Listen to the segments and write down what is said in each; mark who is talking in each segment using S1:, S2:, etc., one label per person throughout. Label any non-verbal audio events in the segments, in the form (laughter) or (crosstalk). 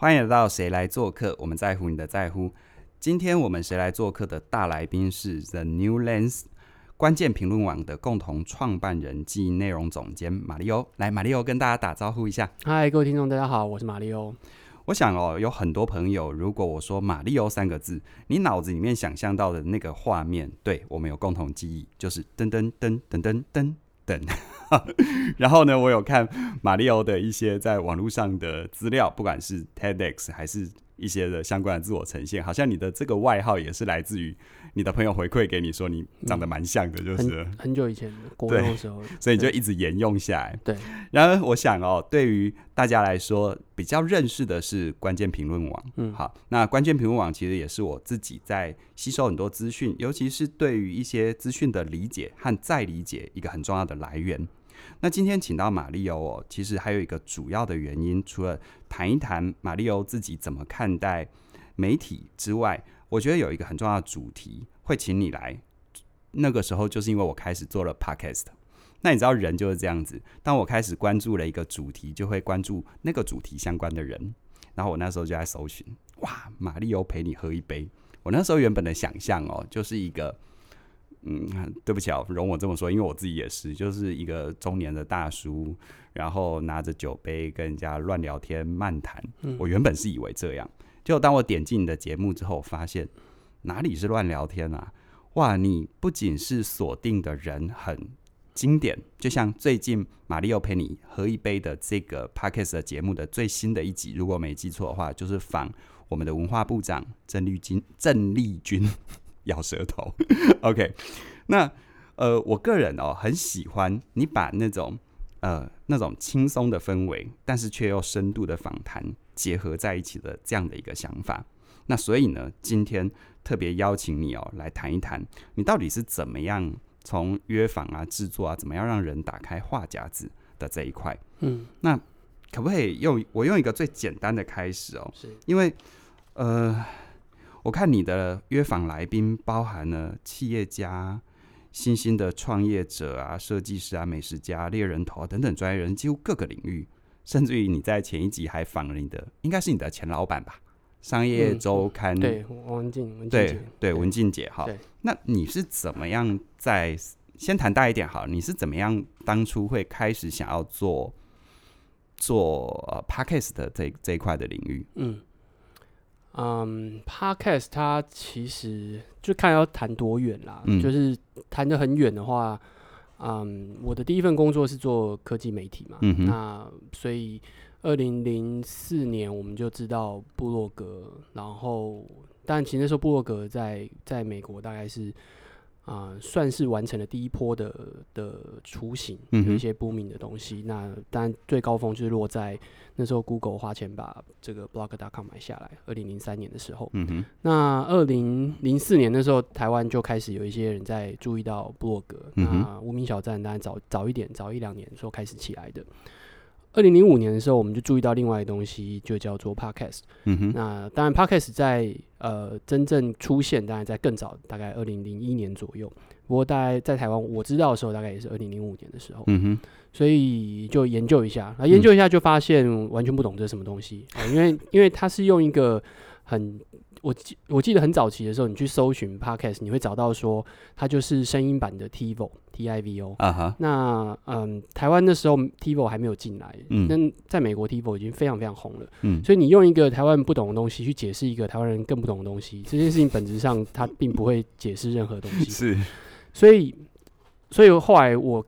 S1: 歡迎來到誰來作客，我們在乎你的在乎。今天我們誰來作客的大來賓是 The New Lens 關鍵評論網的共同創辦人及內容總監馬力歐。來，馬力歐跟大家打招呼一下。嗨，各位聽眾，大家好，我是馬力歐。我想哦，有很多朋友，如果我說馬力歐三個字，你腦子裡面想象到的那個畫面，對，我們有共同記憶，就是噔噔噔噔噔噔。等， (laughs) 然後呢，我有看馬力歐的一些在網絡上的資料，不管是 TEDx 還是一些的相關的自我呈現，好像你的這個外號也是來自於，你的朋友回饋給你說你長得蠻像的，就是、嗯、很，很久以前國中的時候，所以就一直沿用下來。對，然而我想哦、喔，對於大家來說比較認識的是關鍵評論網，嗯，好，那關鍵評論網其實也是我自己在吸收很多資訊，尤其是對於一些資訊的理解和再理解一個很重要的來源。那今天請到馬力歐、喔，其實還有一個主要的原因，除了談一談馬力歐自己怎麼看待媒體之外。我覺得有一個很重要的主題會請你來，那個時候就是因為我開始做了 Podcast。那你知道人就是這樣子，當我開始關注了一個主題，就會關注那個主題相關的人。然後我那時候就在搜尋，哇，馬力歐陪你喝一杯。我那時候原本的想象哦，就是一個，嗯，對不起哦，容我這麼說，因為我自己也是，就是一個中年的大叔，然後拿着酒杯跟人家亂聊天，漫談。我原本是以為這樣。嗯就當我點進你的節目之後，發現哪裡是亂聊天啊？哇，你不僅是鎖定的人很經典，就像最近馬力歐陪你喝一杯的這個 Podcast 的節目的最新的一集，如果沒記錯的話，就是訪我們的文化部長鄭麗君，鄭麗君咬舌頭。OK，那呃，我個人哦很喜歡你把那種。呃，那種輕鬆的氛圍，但是卻又深度的訪談結合在一起的這樣的一個想法。那所以呢，今天特別邀請你哦，來談一談你到底是怎麼樣從約訪啊、製作啊，怎麼樣讓人打開話匣子的這一塊。嗯，那可不可以用，我用一個最簡單的開始哦？是，因為呃，我看你的約訪來賓包含了企業家。新興的創業者啊，設計師啊，美食家、獵人頭、啊、等等專業人，幾乎各個領域，甚至於你在前一集還訪了你的，應該是你的前老闆吧？商業周刊，嗯、對，對，對，
S2: 文靜，文靜，
S1: 對文靜姐哈。那你是怎麼樣在先談大一點好？你是怎麼樣當初會開始想要做做呃 Podcast 這這一塊的領域？嗯。
S2: 嗯、um,，Podcast 它其實就看要談多遠啦、嗯，就是談得很遠的話，嗯、um,，我的第一份工作是做科技媒體嘛，嗯哼，那所以二零零四年我們就知道部落格，然後但其實那時候部落格在在美國大概是。啊、呃，算是完成了第一波的的雛形，嗯、有一些不明的東西。那當然最高峰就是落在那時候，Google 花錢把這個 blog.com 買下來，二零零三年的時候。嗯、那二零零四年那時候，台灣就開始有一些人在注意到布洛格，那無名小站當然早早一點，早一兩年的時候開始起來的。二零零五年的時候，我們就注意到另外一個東西，就叫做 Podcast。嗯哼，那當然 Podcast 在呃真正出現，當然在更早，大概二零零一年左右。不過大概在台灣我知道的時候，大概也是二零零五年的時候。嗯哼，所以就研究一下，那研究一下就發現完全不懂這是什麼東西。呃，因為因為它是用一個很。我記我記得很早期的時候，你去搜尋 podcast，你會找到說它就是聲音版的 TIVO T I V O 那嗯，台灣那時候 TIVO 還沒有進來，嗯，那在美國 TIVO 已經非常非常紅了，嗯，所以你用一個台灣不懂的東西去解釋一個台灣人更不懂的東西，嗯、這件事情本質上它並不會解釋任何東西， (laughs) 是，所以所以後來我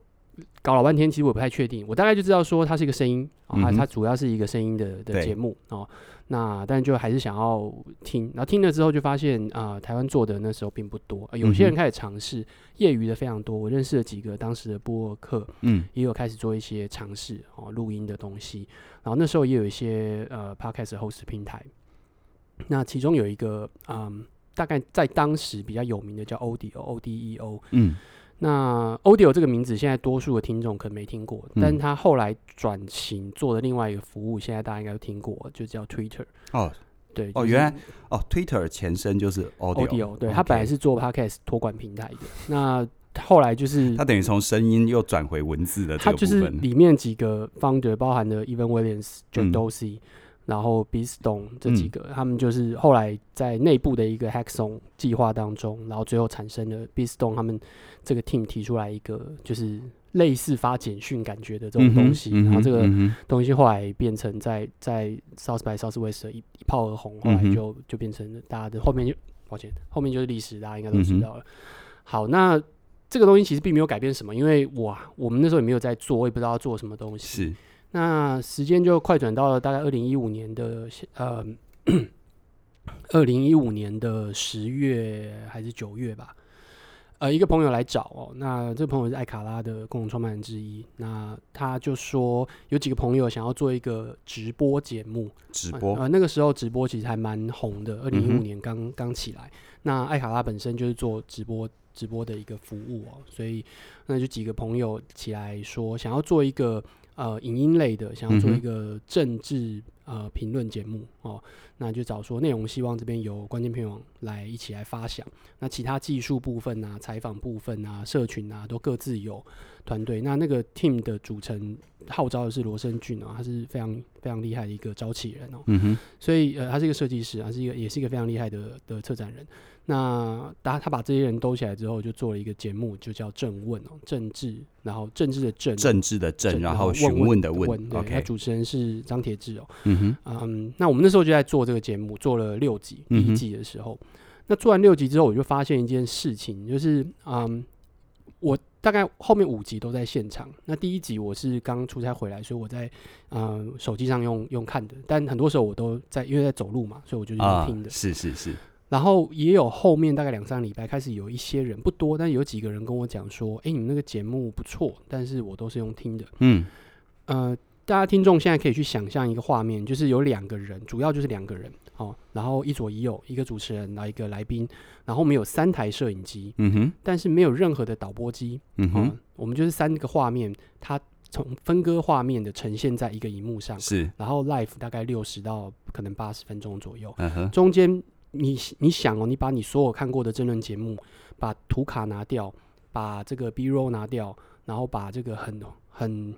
S2: 搞了半天，其實我也不太確定，我大概就知道說它是一個聲音啊、哦嗯，它主要是一個聲音的的節目啊。那但就還是想要聽，然後聽了之後就發現啊、呃，台灣做的那時候並不多，呃、有些人開始嘗試，業餘的非常多。我認識了幾個當時的播客，嗯，也有開始做一些嘗試哦，錄音的東西。然後那時候也有一些呃，Podcast Host 平台，那其中有一個啊、呃，大概在當時比較有名的叫 Odeo，O-D-E-O、嗯那 Audio 這個名字，現在多數的聽眾可能沒聽過，嗯、但是他後來轉型做的另外一個服務，現在大家應該都聽過，就叫 Twitter 哦，
S1: 對哦、就是，原來哦，Twitter 前身就是 Audio，, Audio 對他、okay、本來是做
S2: Podcast 托管平台的，
S1: 那後來就是他等於從聲音又轉回文字的、嗯這個，他就是
S2: 裡面幾個 Founder 包含了 Evan Williams、嗯、Jack Dorsey 然後 Biz Stone 這幾個、嗯，他們就是後來在內部的一個 Hackathon 計劃當中，然後最後產生了 Biz Stone 他們。這個 team 提出來一個就是類似發簡訊感覺的這種東西，嗯嗯、然後這個東西後來變成在在 South by Southwest 一一炮而紅，後來就、嗯、就，就變成了大家的後面就抱歉，後面就是歷史，大家應該都知道了。嗯、好，那這個東西其實並沒有改變什麼，因為我我們那時候也沒有在做，我也不知道要做什麼東西。是，那時間就快轉到了大概二零一五年的呃二零一五年的十月還是九月吧。呃，一個朋友來找，哦，那這個朋友是愛卡拉的共同創辦人之一，那他就說有幾個朋友想要做一個直播節目，直播，呃，那個時候直播其實還蠻紅的，二零一五年剛、嗯、剛起來，那愛卡拉本身就是做直播直播的一個服務哦，所以那就幾個朋友起來說想要做一個呃影音類的，想要做一個政治。呃，評論節目哦，那就找說內容，希望這邊由關鍵評論網來一起來發想。那其他技術部分啊，採訪部分啊，社群啊，都各自有。團隊那那個 team 的組成號召的是羅生俊哦，他是非常非常厲害的一個招起人哦，嗯哼，所以呃他是一個設計師，啊，是一個也是一個非常厲害的的策展人。那他他把這些人兜起來之後，就做了一個節目，就叫《政問》哦，政治，然後政治的政，政治的政，政，然後詢問的問，對、OK、他主持人是張鐵志哦，嗯哼，嗯，那我們那時候就在做這個節目，做了六集，嗯、第一季的時候，那做完六集之後，我就發現一件事情，就是嗯，我。大概後面五集都在現場，那第一集我是剛出差回來，所以我在嗯、呃、手機上用用看的，但很多時候我都在，因為在走路嘛，所以我就是用聽的。啊，是是是。然後也有後面大概兩三禮拜開始有一些人不多，但有幾個人跟我講說，哎、欸，你們那個節目不錯，但是我都是用聽的。嗯，呃，大家聽眾現在可以去想象一個畫面，就是有兩個人，主要就是兩個人。然後一左一右，一個主持人，然後一個來賓，然後我們有三台攝影機，嗯哼，但是沒有任何的導播機，嗯哼哦，我們就是三個畫面，它從分割畫面的呈現在一個螢幕上，是，然後 live 大概六十到可能八十分鐘左右，uh-huh，中間你你想哦，你把你所有看過的政論節目，把圖卡拿掉，把這個 B-roll 拿掉，然後把這個很很。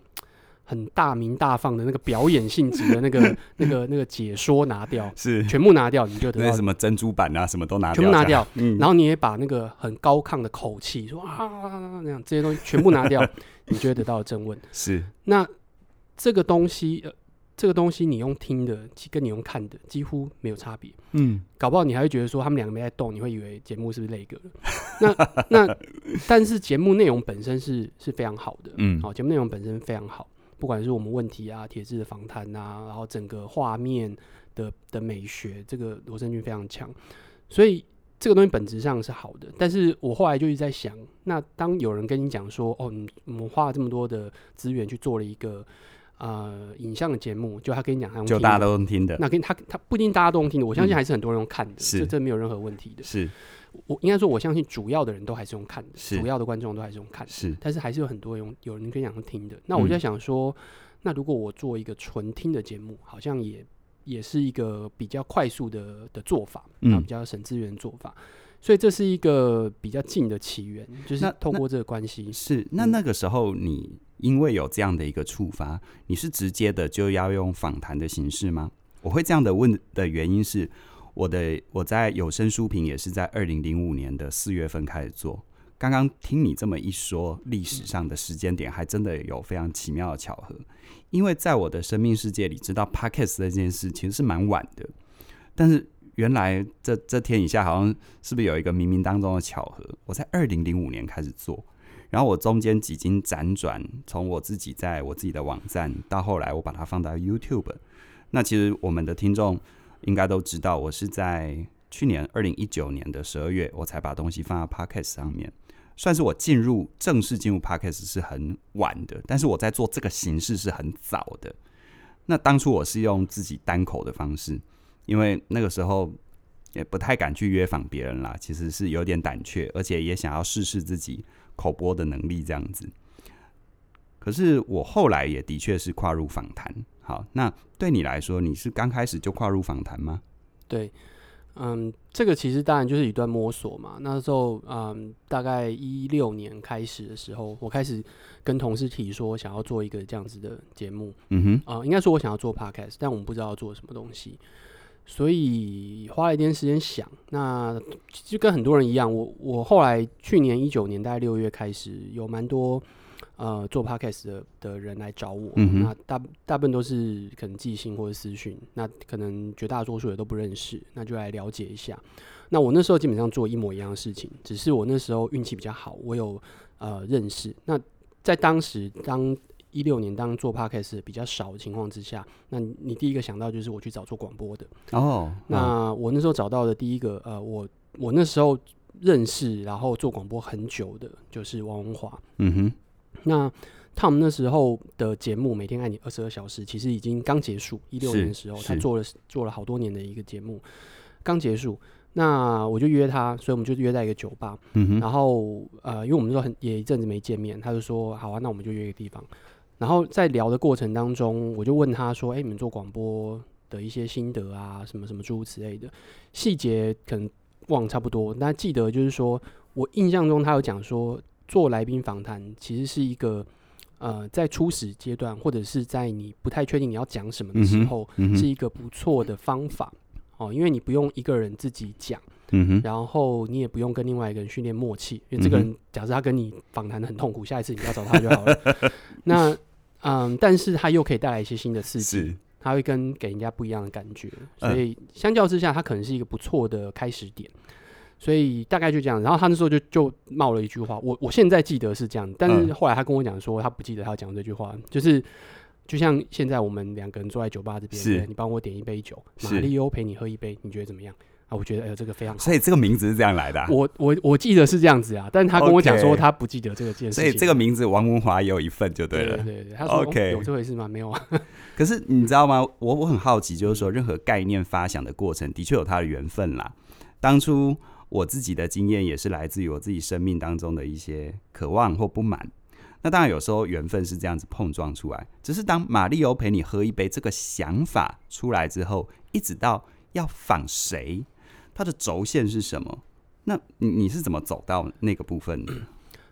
S2: 很大鳴大放的那個表演性質的那個 (laughs) 那個那個解說拿掉，是全部拿掉，你就得到什
S1: 麼珍珠版啊，什麼都拿掉，全部拿掉。嗯，然後你
S2: 也把那個很高亢的口氣說啊那、啊啊啊啊、樣這些東西全部拿掉， (laughs) 你就會得到了正問。是那這個東西、呃、這個東西你用聽的，其跟你用看的幾乎沒有差別。嗯，搞不好你還會覺得說他們兩個沒在動，你會以為節目是不是 lag 了。那那 (laughs) 但是節目內容本身是是非常好的。嗯，好、哦，節目內容本身非常好。不管是我們問題啊、鐵質的訪談啊，然後整個畫面的的美學，這個羅振軍非常強，所以這個東西本質上是好的。但是我後來就一直在想，那當有人跟你講說，哦，我們花了這麼多的資源去做了一個呃影像的節目，就他跟你講他，他就大家
S1: 都能聽的，那跟
S2: 他他，他不一定大家都能聽的，我相信還是很多人用看的，嗯、這是這，這沒有任何問題的，是。我應該說，我相信主要的人都還是用看的，主要的觀眾都還是用看的，是。但是還是有很多人有人更想聽的。那我就在想說，嗯，那如果我做一個純聽的節目，好像也也是一個比較快速的的做，的做法，嗯，比較省資源做法。所以這是一個比較近的起源，就是
S1: 通過這個關係是。那那個時候你因為有這樣的一個觸發，嗯，你是直接的就要用訪談的形式嗎？我會這樣的問的原因是。我的我在有聲書評也是在二零零五年的四月份開始做。剛剛聽你這麼一說，歷史上的時間點還真的有非常奇妙的巧合。因為在我的生命世界裡，知道 podcast 這件事其實是蠻晚的。但是原來這這天底下好像是不是有一個冥冥當中的巧合？我在二零零五年開始做，然後我中間幾經輾轉，從我自己在我自己的網站，到後來我把它放到 YouTube。那其實我們的聽眾。應該都知道，我是在去年二零一九年的十二月，我才把東西放到 Podcast 上面，算是我進入正式進入 Podcast 是很晚的，但是我在做這個形式是很早的。那當初我是用自己單口的方式，因為那個時候也不太敢去約訪別人啦，其實是有點膽怯，而且也想要試試自己口播的能力這樣子。可是我後來也的確是跨入訪談。好，那對你來說，你是剛開始就跨入訪談嗎？
S2: 對，嗯，這個其實當然就是一段摸索嘛。那時候嗯，大概一六年開始的時候，我開始跟同事提說想要做一個這樣子的節目。嗯哼，啊、呃，應該說我想要做 podcast，但我們不知道做什麼東西，所以花了一點時間想。那其實跟很多人一樣，我我後來去年一九年大概六月開始，有蠻多。呃，做 podcast 的的人來找我，嗯、那大大部分都是可能寄信或者私訊，那可能絕大多數也都不認識，那就來了解一下。那我那時候基本上做一模一樣的事情，只是我那時候運氣比較好，我有呃認識。那在當時當一六年當做 podcast 的比較少的情況之下，那你，你第一個想到就是我去找做廣播的哦。Oh, 那我那時候找到的第一個呃，我我那時候認識然後做廣播很久的就是王文華，嗯哼。那他們那時候的節目《每天愛你二十二小時》其實已經剛結束，一六年的時候他做了做了好多年的一個節目，剛結束。那我就約他，所以我們就約在一個酒吧。嗯哼。然後呃，因為我們說很也一陣子沒見面，他就說好啊，那我們就約一個地方。然後在聊的過程當中，我就問他說：“哎、欸，你們做廣播的一些心得啊，什麼什麼諸如此類的細節，可能忘差不多。那記得就是說我印象中他有講說。”做來賓訪談其實是一個，呃，在初始階段或者是在你不太確定你要講什麼的時候，嗯嗯、是一個不錯的方法哦，因為你不用一個人自己講、嗯，然後你也不用跟另外一個人訓練默契，因為這個人、嗯、假設他跟你訪談的很痛苦，下一次你不要找他就好了。 (laughs) 那嗯，呃、 (laughs) 但是他又可以帶來一些新的事情，他會跟給人家不一樣的感覺，所以相較之下，他可能是一個不錯的開始點。所以大概就這樣，然後他那時候就就冒了一句話，我我現在記得是這樣，但是後來他跟我講說他不記得他講這句話，就是就像現在我們兩個人坐在酒吧這邊，你幫我點一杯酒，馬力歐陪你喝一杯，你覺得怎麼樣？啊，我覺得哎、欸，這個非常好。所以這個
S1: 名字是這樣來的、啊，我我我記得
S2: 是這樣子啊，但他跟我講說他不記得這個件事情、啊，okay. 所以這
S1: 個名字王文華也有一份就對了。對對對，他說 OK、哦、有這回事嗎？沒有、啊。可是你知道嗎？我我很好奇，就是說任何概念發想的過程，的確有它的緣分啦。當初。我自己的經驗也是來自於我自己生命當中的一些渴望或不滿。那當然有時候緣分是這樣子碰撞出來。只是當馬力歐陪你喝一杯這個想法出來之後，一直到要訪誰，它的軸線是什麼？那你你是怎麼走到那個部分的？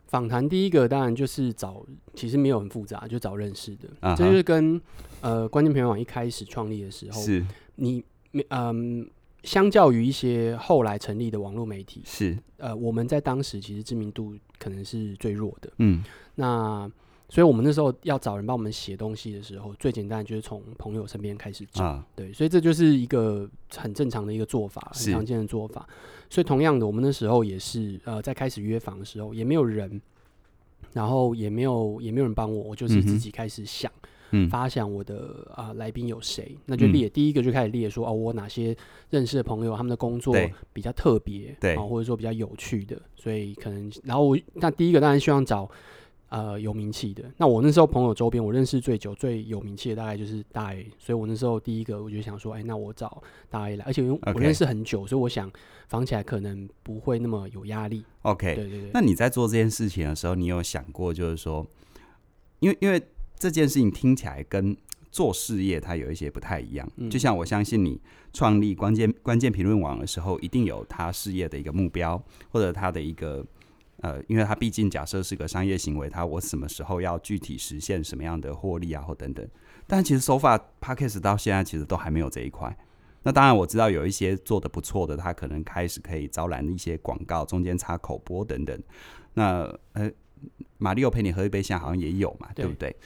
S2: 訪談第一個當然就是找，其實沒有很複雜，就找認識的。Uh-huh. 這就是跟呃關鍵朋友網一開始創立的時候，是你嗯。相較於一些後來成立的網絡媒體，是呃，我們在當時其實知名度可能是最弱的。嗯，那所以，我們那時候要找人幫我們寫東西的時候，最簡單就是從朋友身邊開始找。啊。對，所以這就是一個很正常的一個做法，很常見的做法。所以，同樣的，我們那時候也是呃，在開始約房的時候，也沒有人，然後也沒有也沒有人幫我，我就是自己開始想。嗯嗯，發想我的啊、呃，來賓有誰？那就列，嗯、第一個就開始列說哦、喔，我哪些認識的朋友，他們的工作比較特別，對、喔，或者說比較有趣的，所以可能然後我那第一個當然希望找呃有名氣的。那我那時候朋友周邊我認識最久、最有名氣的大概就是大 A，所以我那時候第一個我就想說，哎、欸，那我找大 A 來，而且我認識很久，okay. 所以我想訪起來可能不會那麼有壓力。
S1: OK，對對對。那你在做這件事情的時候，你有想過就是說，因為因為。這件事情聽起來跟做事業它有一些不太一樣，就像我相信你創立關鍵關鍵評論網的時候，一定有他事業的一個目標，或者他的一個呃，因為他畢竟假設是個商業行為，他我什麼時候要具體實現什麼樣的獲利啊，或等等。但其實 so far, Podcast 到現在其實都還沒有這一塊。那當然我知道有一些做得不錯的，他可能開始可以招攬一些廣告中間插口播等等。那呃，馬力歐陪你喝一杯，現在好像也有嘛，對,對不對？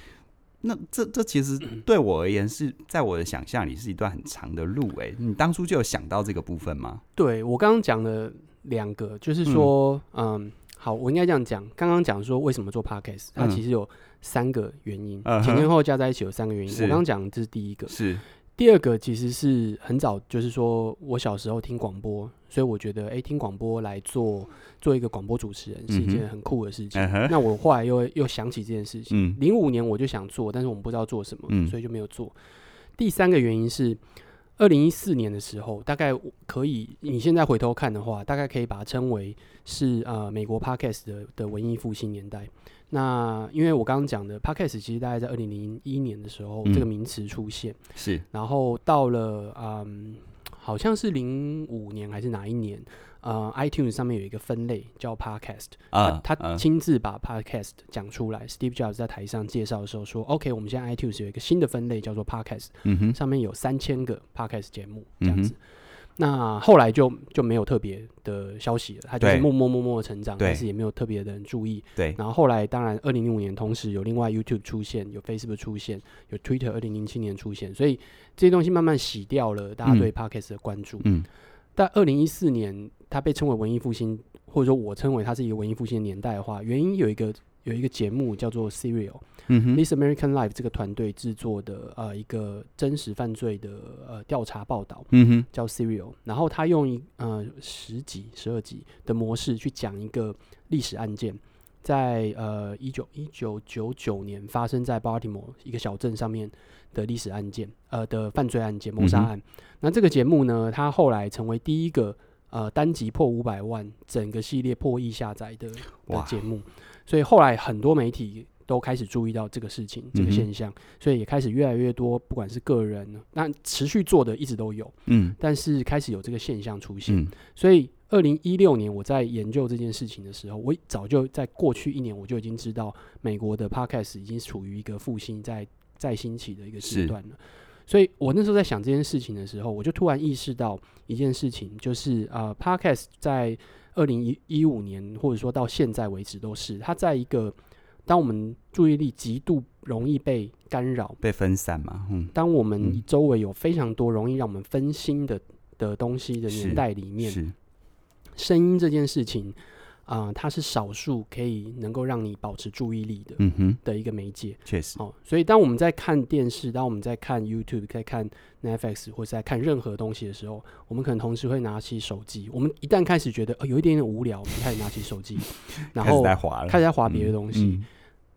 S1: 那這這其實對我而言，是在我的想象裡，是一段很長的路哎、欸，你當初就有想到這個部分嗎？
S2: 對我剛剛講了兩個，就是說，嗯，嗯好，我應該這樣講，剛剛講說為什麼做 podcast，它、嗯、其實有三個
S1: 原因、嗯，前前後後
S2: 加在一起有三個原因，呃、我剛剛講的這是第一個是。是第二個其實是很早，就是說我小時候聽廣播，所以我覺得哎、欸，聽廣播來做做一個廣播主持人是一件很酷的事情。Mm -hmm. 那我後來又又想起這件事情，Mm -hmm. 零五年，我就想做，但是我們不知道做什麼，所以就沒有做。Mm -hmm. 第三個原因是，二零一四年的時候，大概可以你現在回頭看的話，大概可以把它稱為是呃美國 podcast 的的文藝復興年代。那因為我剛剛講的 Podcast 其實大概在二零零一年的時候，這個名詞出現、嗯、是，然後到了嗯，好像是零五年還是哪一年，呃，iTunes 上面有一個分類叫 Podcast 啊，他親自把 Podcast 講出來、啊、，Steve Jobs 在台上介紹的時候說，OK，我們現在 iTunes 有一個新的分類叫做 Podcast，嗯哼，上面有三千個 Podcast 節目這樣子。嗯那後來就就沒有特別的消息了，他就是默默默默的成長，但是也沒有特別的人注意。對，然後後來當然，二零零五年同時有另外 YouTube 出現，有 Facebook 出現，有 Twitter，二零零七年出現，所以這些東西慢慢洗掉了大家對 Podcast 的關注。嗯，嗯。但二零一四年它被稱為文藝復興，或者說我稱為它是一個文藝復興的年代的話，原因有一個。有一個節目叫做《Serial》，嗯哼，《This American Life》這個團隊制作的呃一個真實犯罪的呃調查報道，嗯哼，叫《Serial》。然後他用一呃十集、十二集的模式去講一個歷史案件，在呃一九一九九九年發生在 Baltimore 一個小鎮上面的歷史案件，呃的犯罪案件謀殺案，嗯哼。那這個節目呢，它後來成為第一個呃單集破五百萬、整個系列破億下載的的節、呃、目。所以後來很多媒體都開始注意到這個事情，嗯，這個現象，所以也開始越來越多，不管是個人，那持續做的一直都有，嗯，但是開始有這個現象出現。嗯，所以二零一六年我在研究這件事情的時候，我早就在過去一年我就已經知道美國的 Podcast 已經處於一個復興在再興起的一個時段了。所以我那時候在想這件事情的時候，我就突然意識到一件事情，就是呃 Podcast 在。二零一五年，或者說到現在為止都是，它在一個，當我們注意力極度容易被干擾、被分散嘛，嗯，當我們周圍有非常多容易讓我們分心的的東西的年代裡面，聲音這件事情。啊、呃，它是少數可以能夠讓你保持注意力的，嗯哼，的一個媒介。確實，哦，所以當我們在看電視，當我們在看 YouTube，在看 Netflix 或者在看任何東西的時候，我們可能同時會拿起手機。我們一旦開始覺得、呃、有一點點無聊，我們開始拿起手機， (laughs) 然後開始在滑別的東西。嗯嗯、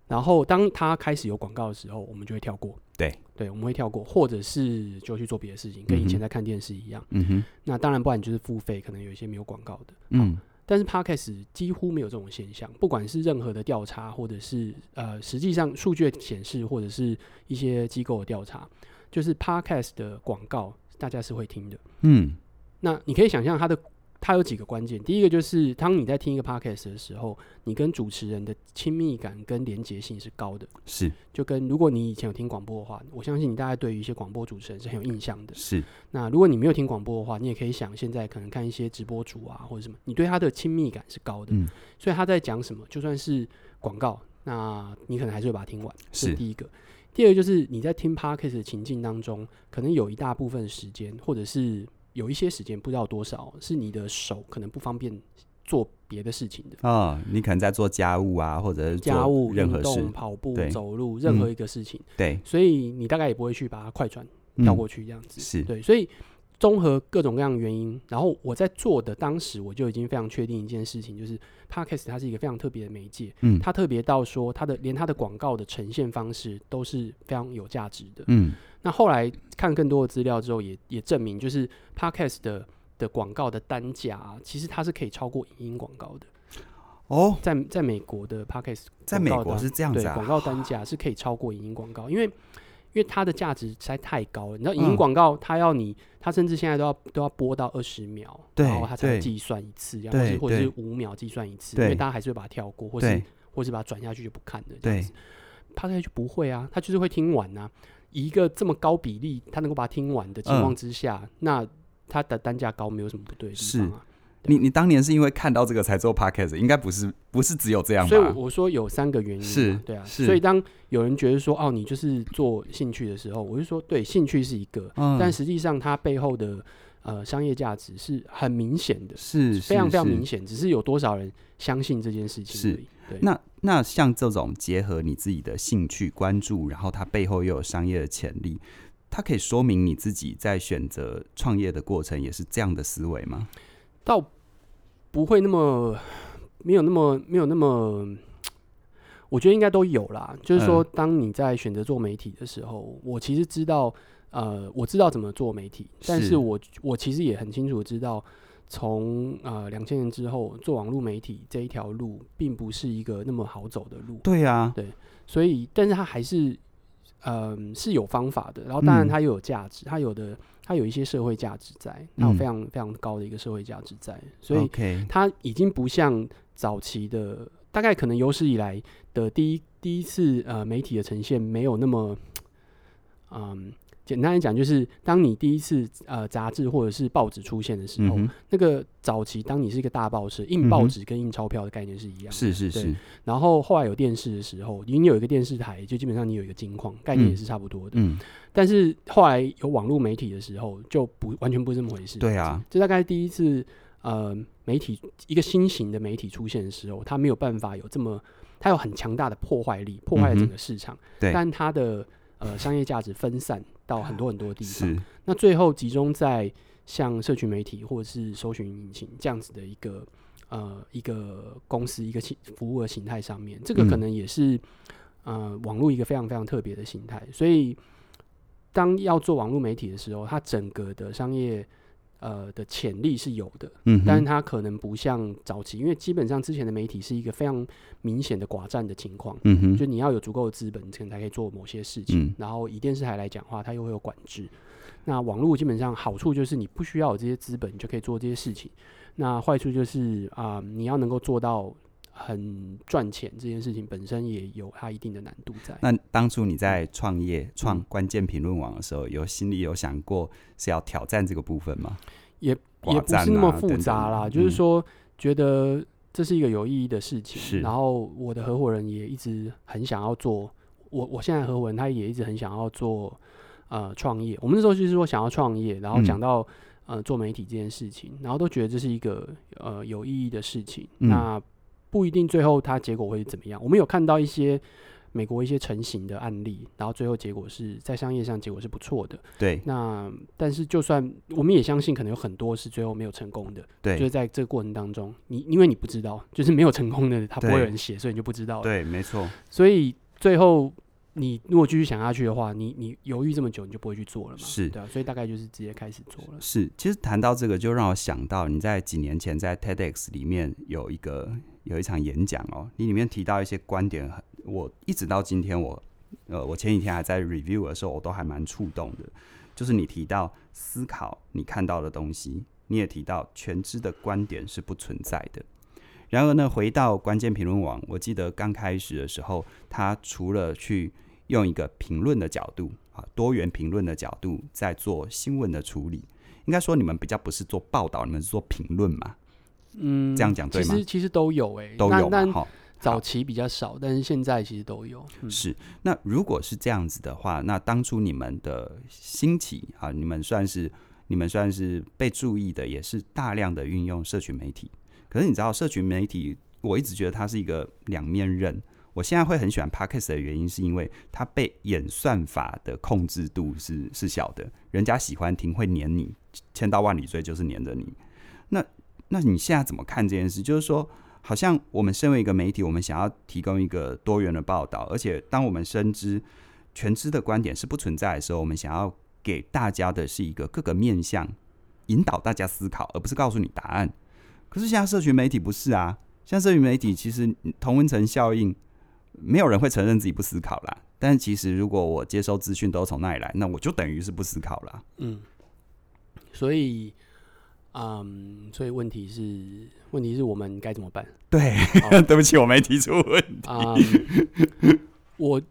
S2: 然後當它開始有廣告的時候，我們就會跳過。對對，我們會跳過，或者是就去做別的事情，跟以前在看電視一樣。嗯哼，那當然，不然你就是付費，可能有一些沒有廣告的。嗯。嗯但是 Podcast 幾乎沒有這種現象，不管是任何的調查，或者是呃，實際上數據顯示，或者是一些機構的調查，就是 Podcast 的廣告，大家是會聽的。嗯，那你可以想象它的。它有幾個關鍵，第一個就是，當你在聽一個 podcast 的時候，你跟主持人的親密感跟連接性是高的，是。就跟如果你以前有聽廣播的話，我相信你大概對於一些廣播主持人是很有印象的，是。那如果你沒有聽廣播的話，你也可以想現在可能看一些直播主啊或者什麼，你對他的親密感是高的，嗯。所以他在講什麼，就算是廣告，那你可能還是會把它聽完。是第一個，第二個就是你在聽 podcast 的情境當中，可能有一大部分的時間或者是。有一些時間不知道多少，是你的手可能不方便做別的事情的
S1: 啊、哦。你可能在做家務啊，或者任何事家務、運動、跑步、走路，任何一
S2: 個事情。對，所以你大概也不會去把它快轉跳過去這樣子。嗯、是對，所以綜合各種各樣的原因，然後我在做的當時，我就已經非常確定一件事情，就是 podcast 它是一個非常特別的媒介。嗯，它特別到說，它的連它的廣告的呈現方式都是非常有價值的。嗯。那後來看更多的資料之後也，也也證明就是 podcast 的的廣告的單價，啊，其實它是可以超過影音廣告的。哦，oh，在在美國的 podcast，的在美國是這樣子，啊，廣告單價是可以超過影音廣告，因為因為它的價值實在太高了。你知道影音廣告它要你，嗯，它甚至現在都要都要播到二十秒，然後它才會計算一次這樣子，或者是五秒計算一次，因為大家還是會把它跳過，或是或是把它轉下去就不看的。對，podcast 就不會啊，他就是會聽完啊。一個這麼高比例，他能夠把它聽完的情況之下、嗯，那他的單價高沒有什麼不對
S1: 的地方、啊。是，你你當年是因為看到這個才做 Podcast 應該不是，不是只有這樣。所以
S2: 我說有三個原因嘛，是，對啊是。所以當有人覺得說，哦，你就是做興趣的時候，我就說，對，興趣是一個，嗯、但實際上它背後的呃商業價值是很明顯的，是，是非常非常明顯，只是有多少人相信
S1: 這件事情而已。是，對。那那像這種結合你自己的興趣、關注，然後它背後又有商業的潛力，它可以說明你自己在選擇創業的過程也是這樣的思維嗎？
S2: 倒不會那麼沒有那麼沒有那麼，我覺得應該都有啦。就是說，當你在選擇做媒體的時候，嗯，我其實知道，呃，我知道怎麼做媒體，是，但是我我其實也很清楚知道。從呃兩千年之後做網絡媒體這一條路，並不是一個那麼好走的路。對啊，對，所以，但是它還是，嗯、呃，是有方法的。然後，當然，它又有價值、嗯，它有的，它有一些社會價值在，它有非常、嗯、非常高的一個社會價值在。所以，它已經不像早期的，大概可能有史以來的第一第一次呃媒體的呈現，沒有那麼，嗯、呃。簡單來講，就是當你第一次呃雜誌或者是報紙出現的時候、嗯，那個早期當你是一個大報社，印報紙跟印鈔票的概念是一樣的，是是是。然後後來有電視的時候，你有一個電視台，就基本上你有一個金礦，概念也是差不多的。嗯、但是後來有網絡媒體的時候，就不完全不是這麼回事。對啊。就大概第一次呃媒體一個新型的媒體出現的時候，它沒有辦法有這麼它有很強大的破壞力，破壞整個市場。嗯、但它的呃商業價值分散，到很多很多地方，啊，那最後集中在像社群媒體或者是搜尋引擎這樣子的一個呃一個公司一個形服務的形態上面，這個可能也是、嗯、呃網絡一個非常非常特別的形態。所以，當要做網絡媒體的時候，它整個的商業。呃的潛力是有的，嗯，但是它可能不像早期、嗯，因為基本上之前的媒體是一個非常明顯的寡占的情況，嗯，就你要有足夠的資本，你才可，可以做某些事情。嗯、然後以電視台來講的話，它又會有管制。那網絡基本上好處就是你不需要有這些資本，你就可以做這些事情。那壞處就是啊、呃，你要能夠做到。很賺錢這件事情本身也有它一定的難度在。那
S1: 當初你在創業、創關鍵評論網的時候，有心裡有想過是要挑戰這個部分嗎？也也不是那麼複雜啦，等等就是說、嗯、
S2: 覺得這是一個有意義的事情。然後我的合夥人也一直很想要做，我我現在的合夥人他也一直很想要做呃創業。我們那時候就是說想要創業，然後講到、嗯、呃做媒體這件事情，然後都覺得這是一個呃有意義的事情。嗯、那。不一定最後它結果會怎麼樣，我們有看到一些美國一些成型的案例，然後最後結果是在商業上結果是不錯的。對，那但是就算我們也相信，可能有很多是最後沒有成功的。對，就是在這個過程當中，你因為你不知道，就是沒有成功的，他不會有人寫，所以你就不知道了。對，沒錯。所以最後。你如果繼續想下去的話，你你猶豫這麼久，你就不會去做了嗎？是，對啊，所以大概就是直接開始做了。
S1: 是，其實談到這個，就讓我想到你在幾年前在 TEDx 裡面有一個有一場演講哦，你裡面提到一些觀點，我一直到今天我，我呃，我前幾天還在 review 的時候，我都還蠻觸動的，就是你提到思考你看到的東西，你也提到全知的觀點是不存在的。然而呢，回到關鍵評論網，我記得剛開始的時候，他除了去用一個評論的角度啊，多元評論的角度在做新聞的處理，應該說你們比較不是做報道，你們是做評論嘛？嗯，
S2: 這樣講對嗎？其實其實都有誒、欸，都有，那那、哦、
S1: 早期比較少，但是現在其實都有。嗯、是，那如果是這樣子的話，那當初你們的興起啊，你們算是你們算是被注意的，也是大量的運用社群媒體。可是你知道，社群媒體我一直覺得它是一個兩面刃。我現在會很喜歡 Podcast 的原因，是因為它被演算法的控制度是是小的，人家喜歡聽會黏你，千刀萬里追就是黏着你。那那你現在怎麼看這件事？就是說，好像我們身為一個媒體，我們想要提供一個多元的報道，而且當我們深知全知的觀點是不存在的時候，我們想要給大家的是一個各個面向，引導大家思考，而不是告訴你答案。可是現在社群媒體不是啊，像社群媒體，其實同溫層效應，沒有人會承認自己不思考啦。但其實如果我接收資訊都從那裡來，那我就等於是不思考了。
S2: 嗯，所以，嗯，所以問題是，問題是我們該怎麼辦？
S1: 對，oh, (laughs) 對不起，我沒提出
S2: 問題。Um, 我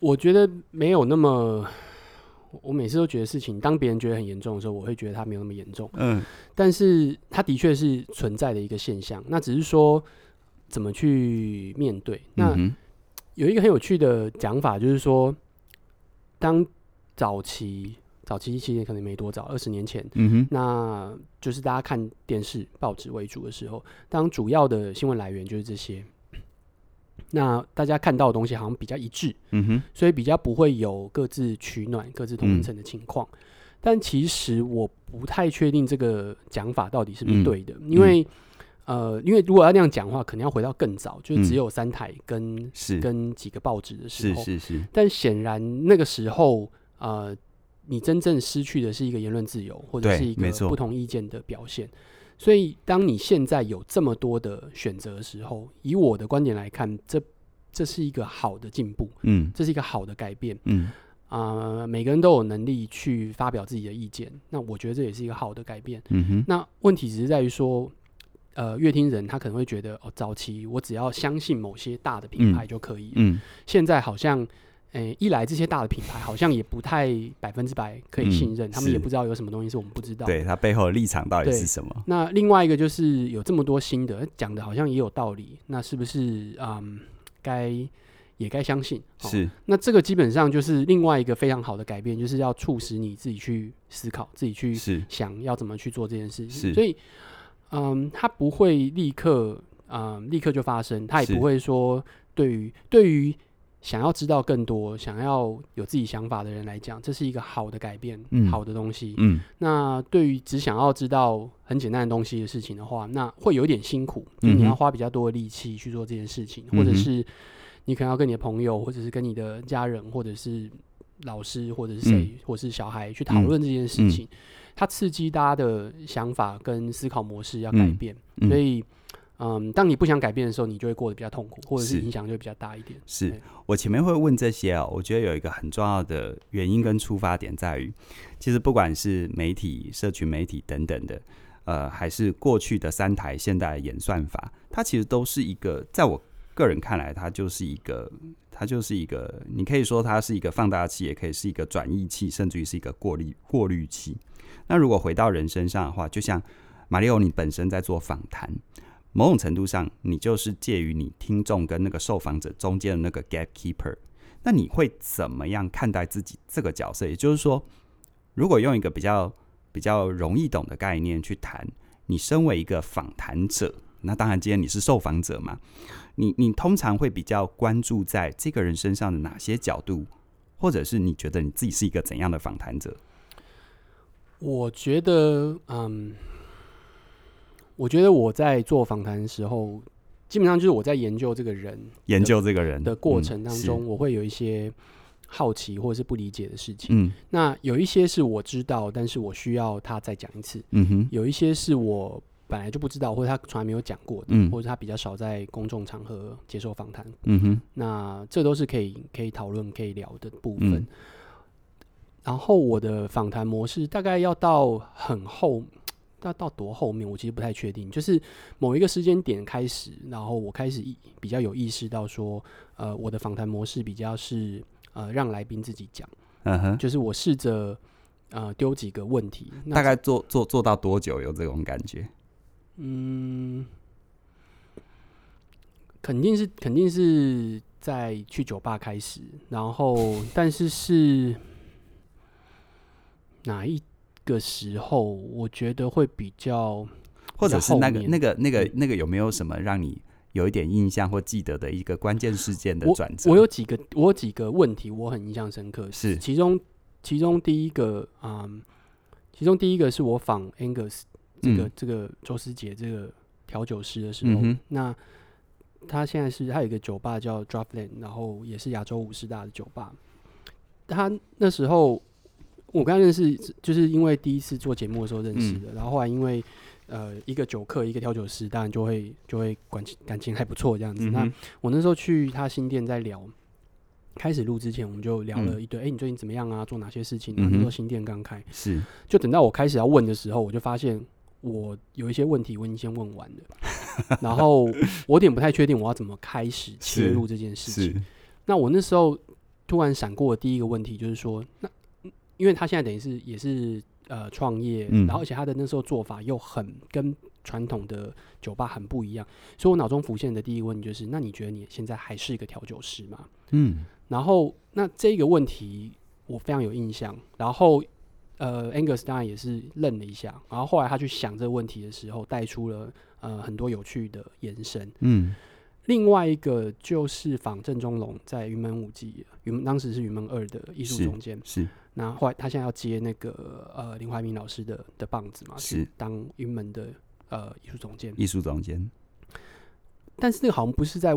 S2: 我覺得沒有那麼。我每次都覺得事情，當別人覺得很嚴重的時候，我會覺得他沒有那麼嚴重。嗯、呃，但是他的確是存在的一個現象。那只是說怎麼去面對。那、嗯、有一個很有趣的講法，就是說，當早期早期其實可能沒多早，二十年前，嗯哼，那就是大家看電視、報紙為主的時候，當主要的新聞來源就是這些。那大家看到的東西好像比較一致，嗯，所以比較不會有各自取暖、各自同溫層的情況，嗯。但其實我不太確定這個講法到底是不是對的，嗯、因為、嗯、呃，因為如果要那樣講的話，可能要回到更早，就只有三台跟、嗯、跟幾個報紙的時候，是是是。但顯然那個時候，呃，你真正失去的是一個言論自由，或者是一個不同意見的表現。所以，當你現在有這麼多的選擇的時候，以我的觀點來看，這這是一個好的進步，嗯，這是一個好的改變，啊、嗯呃，每個人都有能力去發表自己的意見，那我覺得這也是一個好的改變，嗯、那問題只是在於說，呃，閱聽人他可能會覺得，哦，早期我只要相信某些大的品牌就可以、嗯嗯，現在好像。誒、欸，一來這些大的品牌好像也不太百分之百可以信任，嗯、他們也不知道有什麼東西是我們不知道，對他
S1: 背後的立場到底是什麼。
S2: 那另外一個就是有這麼多心得，講得好像也有道理。那是不是啊？該、嗯、也該相信、哦？是。那這個基本上就是另外一個非常好的改變，就是要促使你自己去思考，自己去想要怎麼去做這件事情。所以嗯，他不會立刻啊、嗯，立刻就發生，他也不會說對於對於。想要知道更多、想要有自己想法的人來講，這是一個好的改變，嗯、好的東西。嗯、那對於只想要知道很簡單的東西的事情的話，那會有一點辛苦，就你要花比較多的力氣去做這件事情、嗯，或者是你可能要跟你的朋友，或者是跟你的家人，或者是老師，或者是誰、嗯，或是小孩去討論這件事情、嗯，它刺激大家的想法跟思考模式要改變，嗯、所以。嗯，當你不想改變的時候，你就會過得比較痛苦，或者是影響就會比較大一點。
S1: 是，是我前面會問這些哦、喔，我覺得有一個很重要的原因跟出發點在於，其實不管是媒體、社群媒體等等的，呃，還是過去的三台、現代演算法，它其實都是一個，在我個人看來，它就是一個，它就是一個，你可以說它是一個放大器，也可以是一個轉譯器，甚至於是一個過濾過濾器。那如果回到人身上的話，就像馬力歐，你本身在做訪談。某種程度上，你就是介於你聽眾跟那個受訪者中間的那個 gatekeeper。那你會怎麼樣看待自己這個角色？也就是說，如果用一個比較比較容易懂的概念去談，你身為一個訪談者，那當然既然你是受訪者嘛。你你通常會比較關注在這個人身上的哪些角度，或者是你覺得你自己是一個怎樣的訪談者？
S2: 我覺得，嗯。我覺得我在做訪談的時候，基本上就是我在研究這個人，
S1: 研究這個人的過程當中、
S2: 嗯，我會有一些好奇或者是不理解的事情、嗯。那有一些是我知道，但是我需要他再講一次、嗯哼。有一些是我本來就不知道，或者他從來沒有講過的，嗯、或者他比較少在公眾場合接受訪談、嗯哼。那這都是可以可以討論可以聊的部分。嗯、然後我的訪談模式大概要到很後。到到多後面，我其實不太確定。就是某一個時間點開始，然後我開始意比較有意識到說，呃，我的訪談模式比較是呃讓來賓自己講，嗯哼，就是我試着呃丟幾個問題。大
S1: 概做做做到多久有這種感覺？嗯，
S2: 肯定是肯定是在去酒吧開始，然後但是是哪一？個時候，我覺得會比較，比較
S1: 的，或者是那個、那個、那個、那個有沒有什麼讓你有一點印象，或記得的一個關鍵事件的轉折？我，我
S2: 有幾個，我有幾個問題，我很印象深刻。是，其中其中第一個，嗯，其中第一個是我訪 Angus 這個、嗯、這個周思杰這個調酒師的時候，嗯、那他現在是他有一個酒吧叫 Dropland 然後也是亞洲五十大的酒吧，他那時候。我剛認識，就是因為第一次做節目的時候認識的、嗯，然後後來因為，呃，一個酒客，一個調酒師，當然就會就會感情感情還不錯這樣子、嗯。那我那時候去他新店在聊，開始錄之前我們就聊了一堆，哎、嗯欸，你最近怎麼樣啊？做哪些事情啊？說新店剛開，是。就等到我開始要問的時候，我就發現我有一些問題我已經先問完了， (laughs) 然後我有點不太確定我要怎麼開始切入這件事情。那我那時候突然閃過的第一個問題就是說，那。因為他現在等於是也是呃創業、嗯，然後而且他的那時候做法又很跟傳統的酒吧很不一樣，所以我腦中浮現的第一個問題就是：那你覺得你現在還是一個調酒師嗎？嗯，然後那這個問題我非常有印象。然後呃，Angus 當然也是愣了一下，然後後來他去想這個問題的時候，帶出了呃很多有趣的延伸。嗯，另外一個就是訪鄭宗龍在雲門舞集，雲當時是雲門二的藝術總監是。是那後來他現在要接那個呃林懷民老師的的棒子嘛，是當雲門的
S1: 呃藝術總監。藝術總監，
S2: 但是那個好像不是在，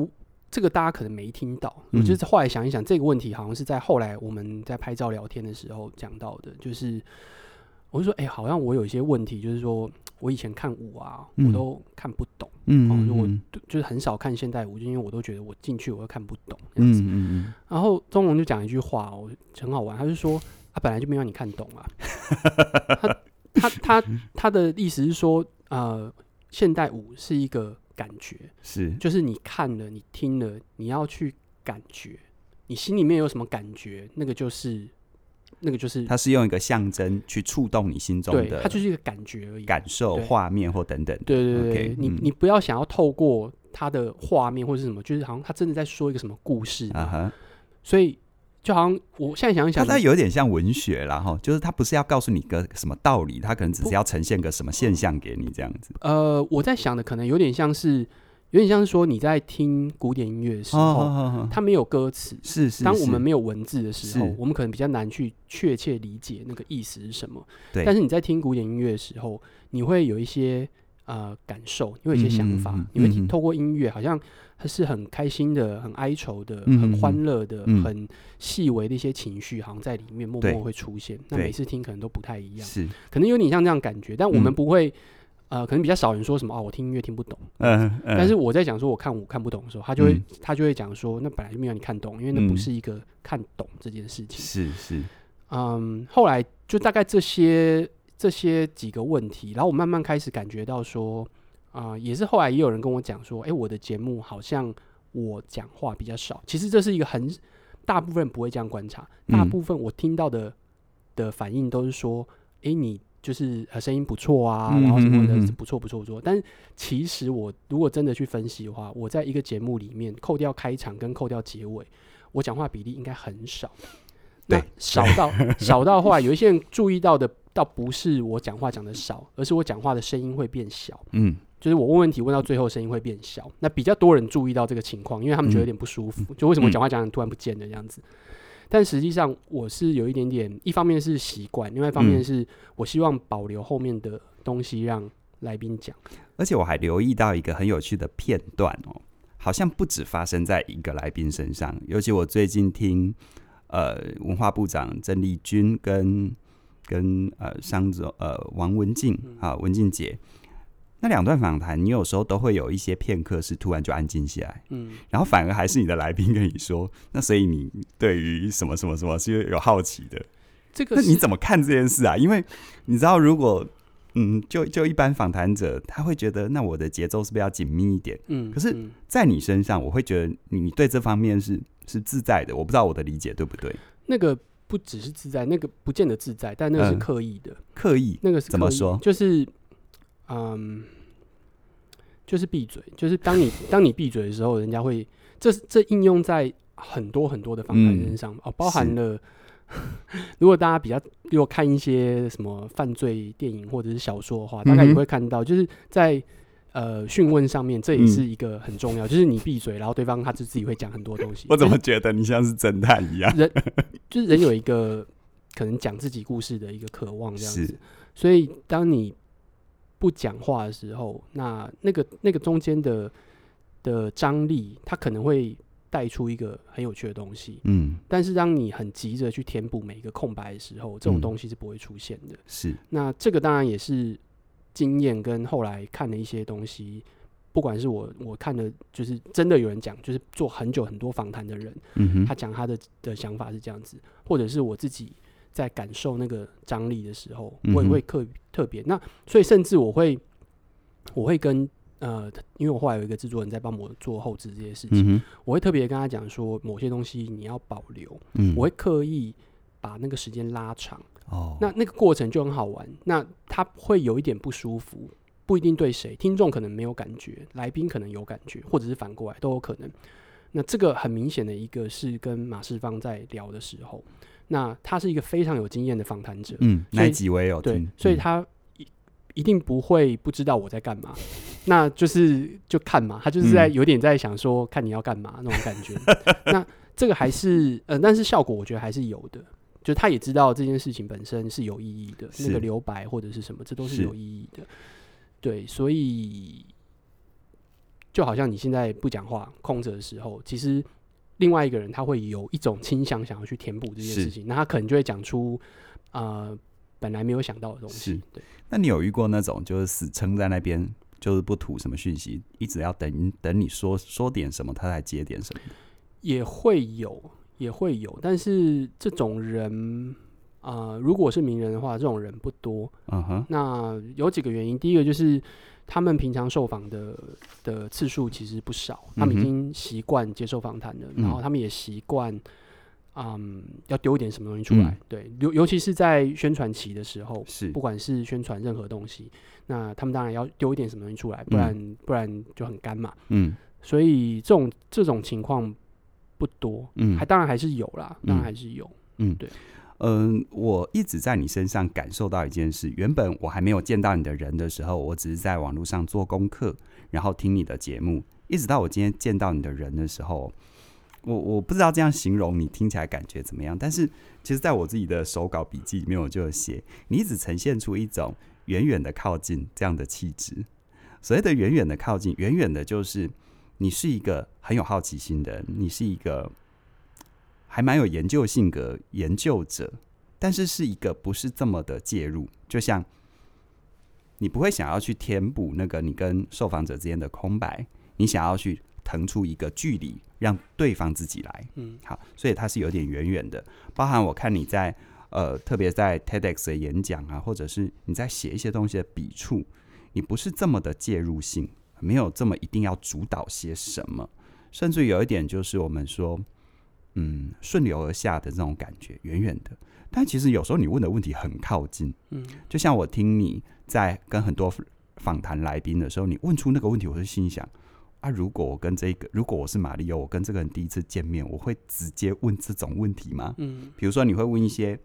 S2: 這個大家可能沒聽到。我就是後來想一想這個問題，好像是在後來我們在拍照聊天的時候講到的，就是我就說哎、欸，好像我有一些問題，就是說我以前看舞啊，我都看不懂。嗯，我就是很少看現代舞，就因為我都覺得我進去我又看不懂。然後宗龍就講一句話、喔，我很好玩，他就說。他、啊、本來就沒讓你看懂啊！ (laughs) 他他他的意思是說，呃，現代舞是一個感覺，是就是你看了你聽了，你要去感覺，你心裡面有什麼感覺，那個就是那個就是。它是
S1: 用一個象徵去觸動你心中的，它就是一個感覺而已，感受畫面或等等。對對對，對，okay, 你、嗯、你
S2: 不要想要透過它的畫面或是什麼，就是好像他真的在說一個什麼故事
S1: 嘛、uh-huh，所以。
S2: 就好像我現在想一想、就是，它有點
S1: 像文學啦哈，就是它不是要告訴你個什麼道理，它可能只是要呈現個什麼現象給你這樣子。
S2: 呃，我在想的可能有點像是，有點像是說你在聽古典音樂的時候，它、哦哦哦哦、沒有歌詞，是是，是是。當我們沒有文字的時候，是是我們可能比較難去確切理解那個意思是什麼。對。但是你在聽古典音樂的時候，你會有一些。呃，感受，因為有一些想法，因、嗯、為、嗯、透過音樂，好像還是很開心的、很哀愁的、嗯、很歡樂的、嗯、很細微的一些情緒，好像在裡面默默會出現。那每次聽可能都不太一樣，是可能有點像這樣感覺。但我們不會、嗯，呃，可能比較少人說什麼哦，我聽音樂聽不懂，呃呃。但是我在講說我看我看不懂的時候，他就會、嗯、他就會講說，那本來就沒有你看懂，因為那不是一個看懂這件事情。嗯、是是，嗯，後來就大概這些。這些幾個問題，然後我慢慢開始感覺到說，啊、呃，也是後來也有人跟我講說，誒、欸，我的節目好像我講話比較少。其實這是一個很大部分不會這樣觀察，嗯、大部分我聽到的的反應都是說，誒、欸，你就是聲、呃、音不錯啊、嗯哼哼哼，然後什麼的不錯不錯不錯、嗯。但是其實我如果真的去分析的話，我在一個節目裡面扣掉開場跟扣掉結尾，我講話比例應該很少，
S1: 對，那少到 (laughs) 少到後來，有
S2: 一些人注意到的。倒不是我講話講的少，而是我講話的聲音會變小。嗯，就是我問問題問到最後聲音會變小，那比較多人注意到這個情況，因為他們覺得有點不舒服。嗯、就為什麼我講話講突然不見了這樣子？嗯、但實際上我是有一點點，一方面是習慣，另外一方面是我希望保留後面的東西讓來賓講、
S1: 嗯。而且我還留意到一個很有趣的片段哦，好像不止發生在一個來賓身上。尤其我最近聽，呃，文化部長鄭麗君跟。跟呃，商者呃，王文靜、嗯、啊，文靜姐那兩段訪談，你有時候都會有一些片刻是突然就安靜下來，嗯，然後反而還是你的來賓跟你說，那所以你對於什麼什麼什麼是有好奇的，這個那你怎麼看這件事啊？因為你知道，如果嗯，就就一般訪談者，他會覺得那我的節奏是不是要緊密一點？嗯，可是在你身上，我會覺得你，你對這方面是是自在的，我不知道我的理解對不對？
S2: 那個。不只是自在，那個不見得自在，但那個是刻意的，嗯、刻意那個是刻意怎麼說？就是，嗯，就是閉嘴，就是當你 (laughs) 當你閉嘴的時候，人家會，這這應用在很多很多的方法身上、嗯、哦，包含了。 (laughs) 如果大家比較如果看一些什麼犯罪電影或者是小說的話，嗯嗯大概你會看到，就是在。呃，訊問上面這也是一個很重要的、嗯，就是你閉嘴，然後對方他就自己會講很多東西。 (laughs) 我怎麼
S1: 覺得你像是偵探一樣？
S2: 人就是人有一個 (laughs) 可能講自己故事的一個渴望這樣子，所以當你不講話的時候，那那個那個中間的的張力，它可能會帶出一個很有趣的東西。嗯，但是當你很急着去填補每一個空白的時候，這種東西是不會出現的。嗯、是，那這個當然也是。經驗跟後來看的一些東西，不管是我我看的，就是真的有人講，就是做很久很多訪談的人，嗯哼，他講他的的想法是這樣子，或者是我自己在感受那個張力的時候，會會特、嗯、特別。那所以甚至我會我會跟呃，因為我後來有一個制作人在幫我做後製這些事情，嗯、我會特別跟他講說某些東西你要保留，嗯，我會刻意把那個時間拉長。哦，那那個過程就很好玩。那他會有一點不舒服，不一定對誰。聽眾可能沒有感覺，來賓可能有感覺，或者是反過來都有可能。那這個很明顯的一個是跟馬世芳在聊的時候，那他是一個非常有經驗的訪談者，嗯，那一集我也有聽，對，所以他以一定不會不知道我在幹嘛、嗯。那就是就看嘛，他就是在有點在想說看你要幹嘛那種感覺。嗯、 (laughs) 那這個還是呃，但是效果我覺得還是有的。就他也知道這件事情本身是有意義的，那個留白或者是什麼，這都是有意義的。對，所以就好像你現在不講話、空着的時候，其實另外一個人他會有一種傾向，想要去填補這件事情，那他可能就會講出啊、呃、本來沒有想到的東西。
S1: 對，那你有遇過那種就是死撐在那邊，就是不吐什麼訊息，一直要等等你說說點什麼，他才接點什麼？
S2: 也會有。也會有，但是這種人啊、呃，如果是名人的話，這種人不多。Uh -huh. 那有幾個原因，第一個就是他們平常受訪的的次數其實不少，mm -hmm. 他們已經習慣接受訪談了，然後他們也習慣，嗯、呃，要丟一點什麼東西出來。Mm -hmm. 對，尤尤其是在宣傳期的時候，是不管是宣傳任何東西，那他們當然要丟一點什麼東西出來，不然、mm -hmm. 不然就很乾嘛。嗯、mm -hmm.，所以這種這種情況。不多，嗯，還當然還是有啦、嗯，當然還是有，
S1: 嗯，對，嗯，我一直在你身上感受到一件事，原本我還沒有見到你的人的時候，我只是在網絡上做功課，然後聽你的節目，一直到我今天見到你的人的時候，我我不知道這樣形容你聽起來感覺怎麼樣，但是其實在我自己的手稿筆記裡面，我就有寫你一直呈現出一種遠遠的靠近這樣的氣質，所謂的遠遠的靠近，遠遠的就是。你是一個很有好奇心的人，你是一個還蠻有研究性格研究者，但是是一個不是這麼的介入。就像你不會想要去填補那個你跟受訪者之間的空白，你想要去騰出一個距離，讓對方自己來。嗯，好，所以它是有點遠遠的。包含我看你在呃，特別在 TEDx 的演講啊，或者是你在寫一些東西的筆觸，你不是這麼的介入性。沒有這麼一定要主導些什麼，甚至有一點就是我們說，嗯，順流而下的這種感覺，遠遠的。但其實有時候你問的問題很靠近，嗯，就像我聽你在跟很多訪談來賓的時候，你問出那個問題，我就心想啊，如果我跟這個，如果我是馬力歐，我跟這個人第一次見面，我會直接問這種問題嗎？嗯，比如說你會問一些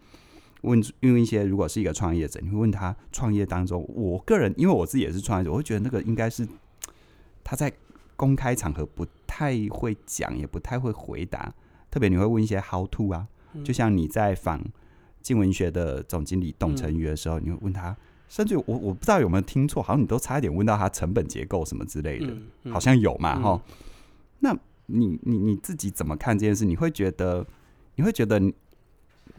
S1: 問，因為一些如果是一個創業者，你會問他創業當中，我個人因為我自己也是創業者，我會覺得那個應該是。他在公開場合不太會講，也不太會回答。特別你會問一些 how to 啊，嗯、就像你在訪鏡文學的總經理董成瑜的時候、嗯，你會問他，甚至我我不知道有沒有聽錯，好像你都差一點問到他成本結構什麼之類的，嗯嗯、好像有嘛？吼、嗯，那你你你自己怎麼看這件事？你會覺得你會覺得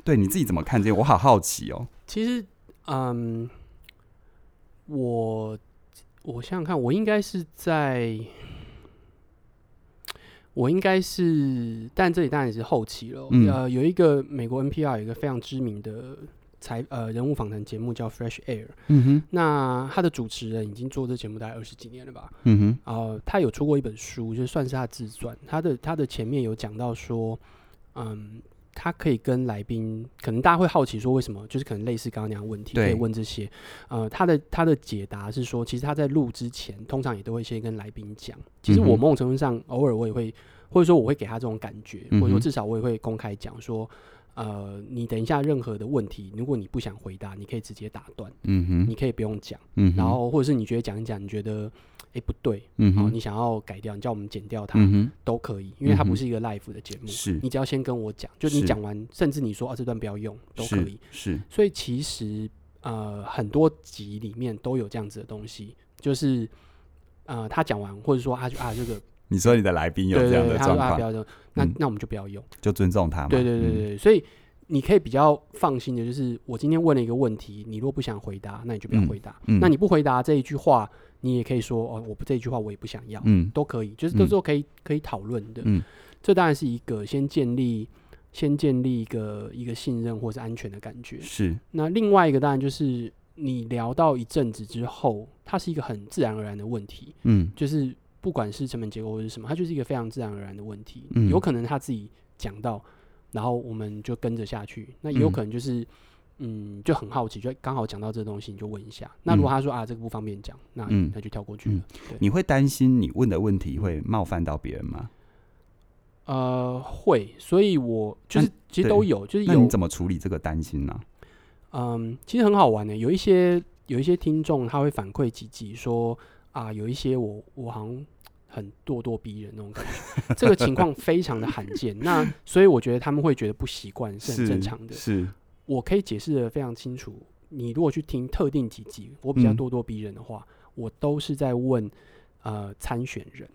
S1: 對你自己怎麼看這件事？這我好好奇哦。
S2: 其實，嗯、um,，我。我想想看，我應該是在，我應該是，但這裡當然也是後期了，嗯。呃，有一個美國 NPR 有一個非常知名的財呃人物訪談節目叫 Fresh Air，嗯。那他的主持人已經做這節目大概二十幾年了吧，嗯？呃，他有出過一本書，就算是他自傳。他的他的前面有講到說，嗯。他可以跟來賓，可能大家會好奇說為什麼，就是可能類似剛剛那樣的問題，可以問這些。呃，他的他的解答是說，其實他在錄之前，通常也都會先跟來賓講。其實我某種程度上，嗯、偶爾我也會，或者說我會給他這種感覺，或者說至少我也會公開講說。呃，你等一下，任何的問題，如果你不想回答，你可以直接打斷，嗯哼，你可以不用講，嗯哼，然後或者是你覺得講一講，你覺得哎、欸、不對，嗯哼，然後你想要改掉，你叫我們剪掉它，嗯哼，都可以，因為它不是一個 live 的節目，嗯哼，是你只要先跟我講，就你是你講完，甚至你說啊這段不要用，都可以，是，是所以其實呃很多集裡面都有這樣子的東西，就是呃他講完或者說他就啊啊這個。
S1: 你說你的來賓有這樣的狀況，對對對對啊、那、嗯、那我們就不要用，就尊重他嘛。們。對對對對，
S2: 所以你可以比較放心的，就是我今天問了一個問題，你若不想回答，那你就不要回答。嗯、那你不回答這一句話，你也可以說哦，我不這一句話我也不想要，嗯、都可以，就是都是可以、嗯、可以可以討論的、嗯。這當然是一個先建立先建立一個一個信任或是安全的感覺。是。那另外一個當然就是你聊到一陣子之後，它是一個很自然而然的問題。嗯，就是。不管是成本結構或者是什麼，它就是一個非常自然而然的問題。嗯、有可能他自己講到，然後我們就跟着下去。那也有可能就是嗯，嗯，就很好奇，就剛好講到這東西，你就問一下。那如果他說、嗯、啊這個不方便講，那嗯，他就跳過去了。嗯嗯、你
S1: 會擔心你問的問題會冒犯到別人嗎？
S2: 呃，會，所以我就是其實都有，啊、就是有，那你
S1: 怎麼處理這個擔心呢、啊？嗯、
S2: 呃，其實很好玩的、欸，有一些有一些聽眾他會反饋幾集說啊、呃，有一些我我好像。很咄咄逼人那種感覺，這個情況非常的罕見。 (laughs) 那所以我覺得他們會覺得不習慣是很正常的。是，是我可以解釋的非常清楚。你如果去聽特定幾集，我比較咄咄逼人的話，嗯、我都是在問呃參選人，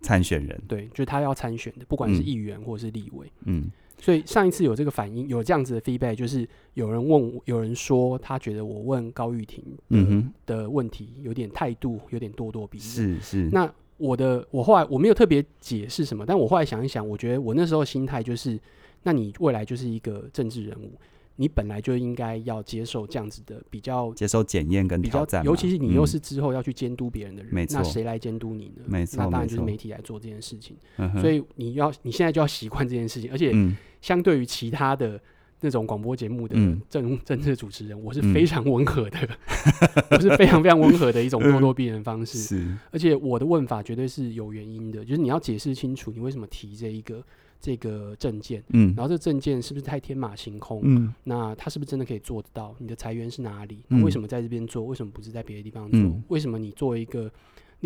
S1: 參選人
S2: 對，就他要參選的，不管是議員或是立委，
S1: 嗯，
S2: 所以上一次有這個反應，有這樣子的 feedback，就是有人問我，有人說他覺得我問高玉婷的嗯的問題有點態度，有點咄咄逼人，是是那。我的我後來我沒有特別解釋什麼，但我後來想一想，我覺得我那時候心態就是：那你未來就是一個政治人物，你本來就應該要接受這樣子的比較接受
S1: 檢驗跟挑戰比較，尤其是你又是
S2: 之後要去監督別人的人，嗯、沒錯、那誰來監督你呢？沒錯、那當然就是媒體來做這件事情。嗯、所以你要你現在就要習慣這件事情，而且相對於其他的。嗯那種廣播節目的政治主持人、嗯，我是非常溫和的，嗯、 (laughs) 我是非常非常溫和的一種咄咄逼人方式。而且我的問法絕對是有原因的，就是你要解釋清楚你為什麼提這一個這個政見，嗯，然後這政見是不是太天馬行空、嗯，那他是不是真的可以做得到？你的財源是哪裡？那為什麼在這邊做？為什麼不是在別的地方做？嗯、為什麼你作為一個？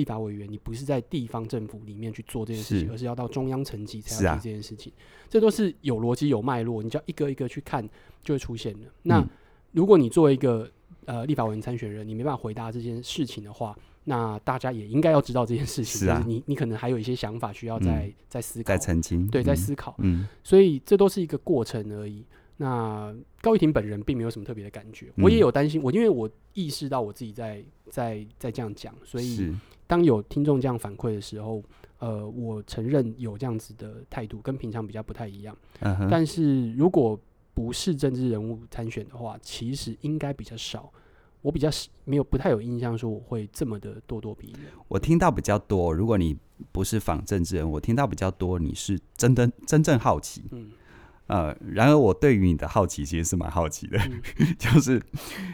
S2: 立法委員，你不是在地方政府裡面去做這件事情，是而是要到中央層級才要做這件事情、啊。這都是有邏輯、有脈絡，你就要一個一個去看，就會出現的、嗯。那如果你作為一個呃立法委員參選人，你沒辦法回答這件事情的話，那大家也應該要知道這件事情。是啊，是你你可能還有一些想法需要再、嗯、在再思考、在澄清，對、嗯，在思考嗯。嗯，所以這都是一個過程而已。那高玉婷本人並沒有什麼特別的感覺，嗯、我也有擔心，我因為我意識到我自己在在在這樣講，所以。當有聽眾這樣反饋的時候，呃，我承認有這樣子的態度，跟平常比較不太一樣。嗯。但是，如果不是政治人物參選的話，其實應該比較少。我比較沒有，不太有印象說我會這麼的咄咄逼人。
S1: 我聽到比較多。如果你不是仿政治人，我聽到比較多。你是真的真正好奇。嗯。呃，然而我對於你的好奇其實是蠻好奇的，嗯。 (laughs) 就是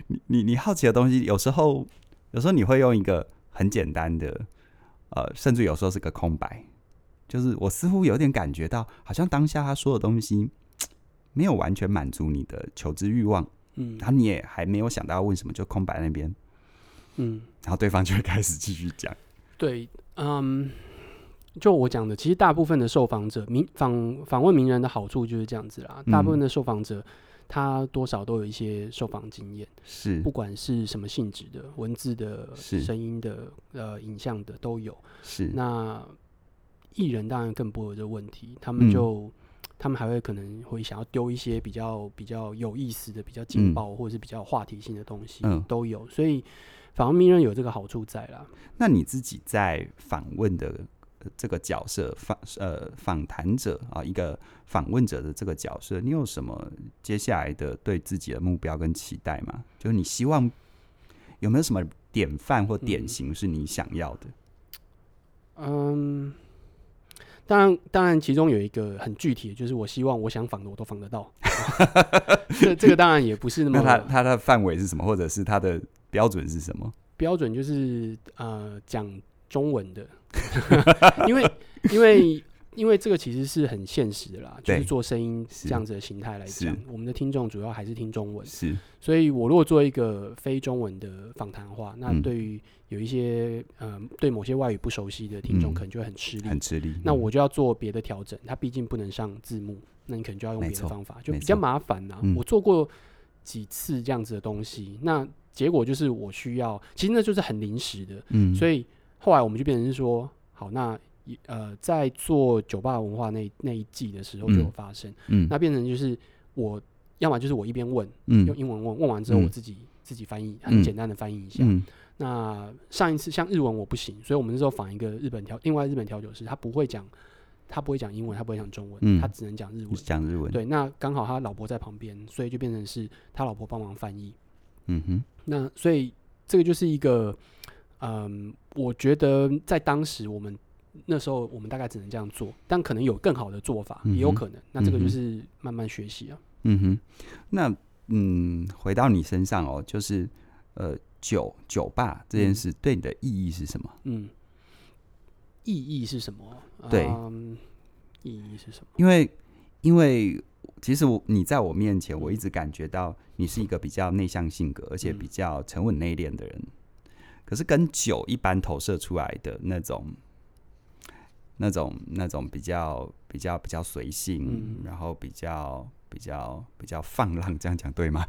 S1: 你你，你好奇的東西，有時候有時候你會用一個。很簡單的，呃，甚至有時候是個空白，就是我似乎有點感覺到，好像當下他說的東西沒有完全滿足你的求知欲望，嗯，然後你也還沒有想到要問什麼，就空白那邊，嗯，然後對方就會開始繼續講，
S2: 對，嗯，就我講的，其實大部分的受訪者名訪訪問名人的好處就是這樣子啦，嗯、大部分的受訪者。他多少都有一些受訪經驗，是不管是什麼性質的文字的、聲音的、呃、影像的都有。是那藝人當然更不會有這個問題，他們就、嗯、他們還會可能會想要丟一些比較比較有意思的、比較勁爆、嗯、或者是比較話題性的東西，嗯、都有。所以，反而名人
S1: 有這個好處在啦。那你自己在訪問的？這個角色訪、呃、訪談者啊，一個訪問者的這個角色，你有什麼接下來的對自己的目標跟期待嗎？就是你希望有沒有什麼典範或典型是你想要的？嗯，
S2: 當、嗯、然當然，當然其中有一個很具體的就是，我希望我想訪的我都訪得到。
S1: (laughs) 哦、這這個當然也不是那麼。 (laughs) 那他他的範圍是什麼？或者是他的標準是什麼？
S2: 標準就是呃，講中文的。 (laughs) (laughs) 因為，因為，因為這個其實是很現實的啦。就是做聲音這樣子的形態來講，我們的聽眾主要還是聽中文。是，所以我如果做一個非中文的訪談話，那對於有一些嗯、呃，對某些外語不熟悉的聽眾，可能就會很吃力，很吃力。那我就要做別的調整，它畢竟不能上字幕，那你可能就要用別的方法，就比較麻煩啦。我做過幾次這樣子的東西，那結果就是我需要，其實那就是很臨時的。嗯，所以。後來我們就變成是說，好，那呃，在做酒吧文化那那一季的時候就有發生，嗯嗯、那變成就是我要麼就是我一邊問、嗯，用英文問問完之後，我自己、嗯、自己翻譯，很簡單的翻譯一下、嗯嗯。那上一次像日文我不行，所以我們那時候訪一個日本調，另外日本調酒師他不會講，他不會講英文，他不會講中文、嗯，他只能講日文，講日文。對，那剛好他老婆在旁邊，所以就變成是他老婆幫忙翻譯。嗯哼，那所以這個就是一個。嗯，我覺得在當時，我們那時候我們大概只能這樣做，但可能有更好的做法，嗯、也有可能。那這個就是慢慢學習啊。嗯
S1: 哼，那嗯，回到你身上哦，就是呃，酒酒吧這件事對你的意義是什麼？嗯，
S2: 意義是什麼？對，嗯、意義是什
S1: 麼？因為因為其實我你在我面前，我一直感覺到你是一個比較內向性格，而且比較沉穩內斂的人。可是跟酒一般投射出來的那種，那種、那種比較、比較、比較隨性、嗯，然後比較、比較、比較放浪，這樣講對嗎？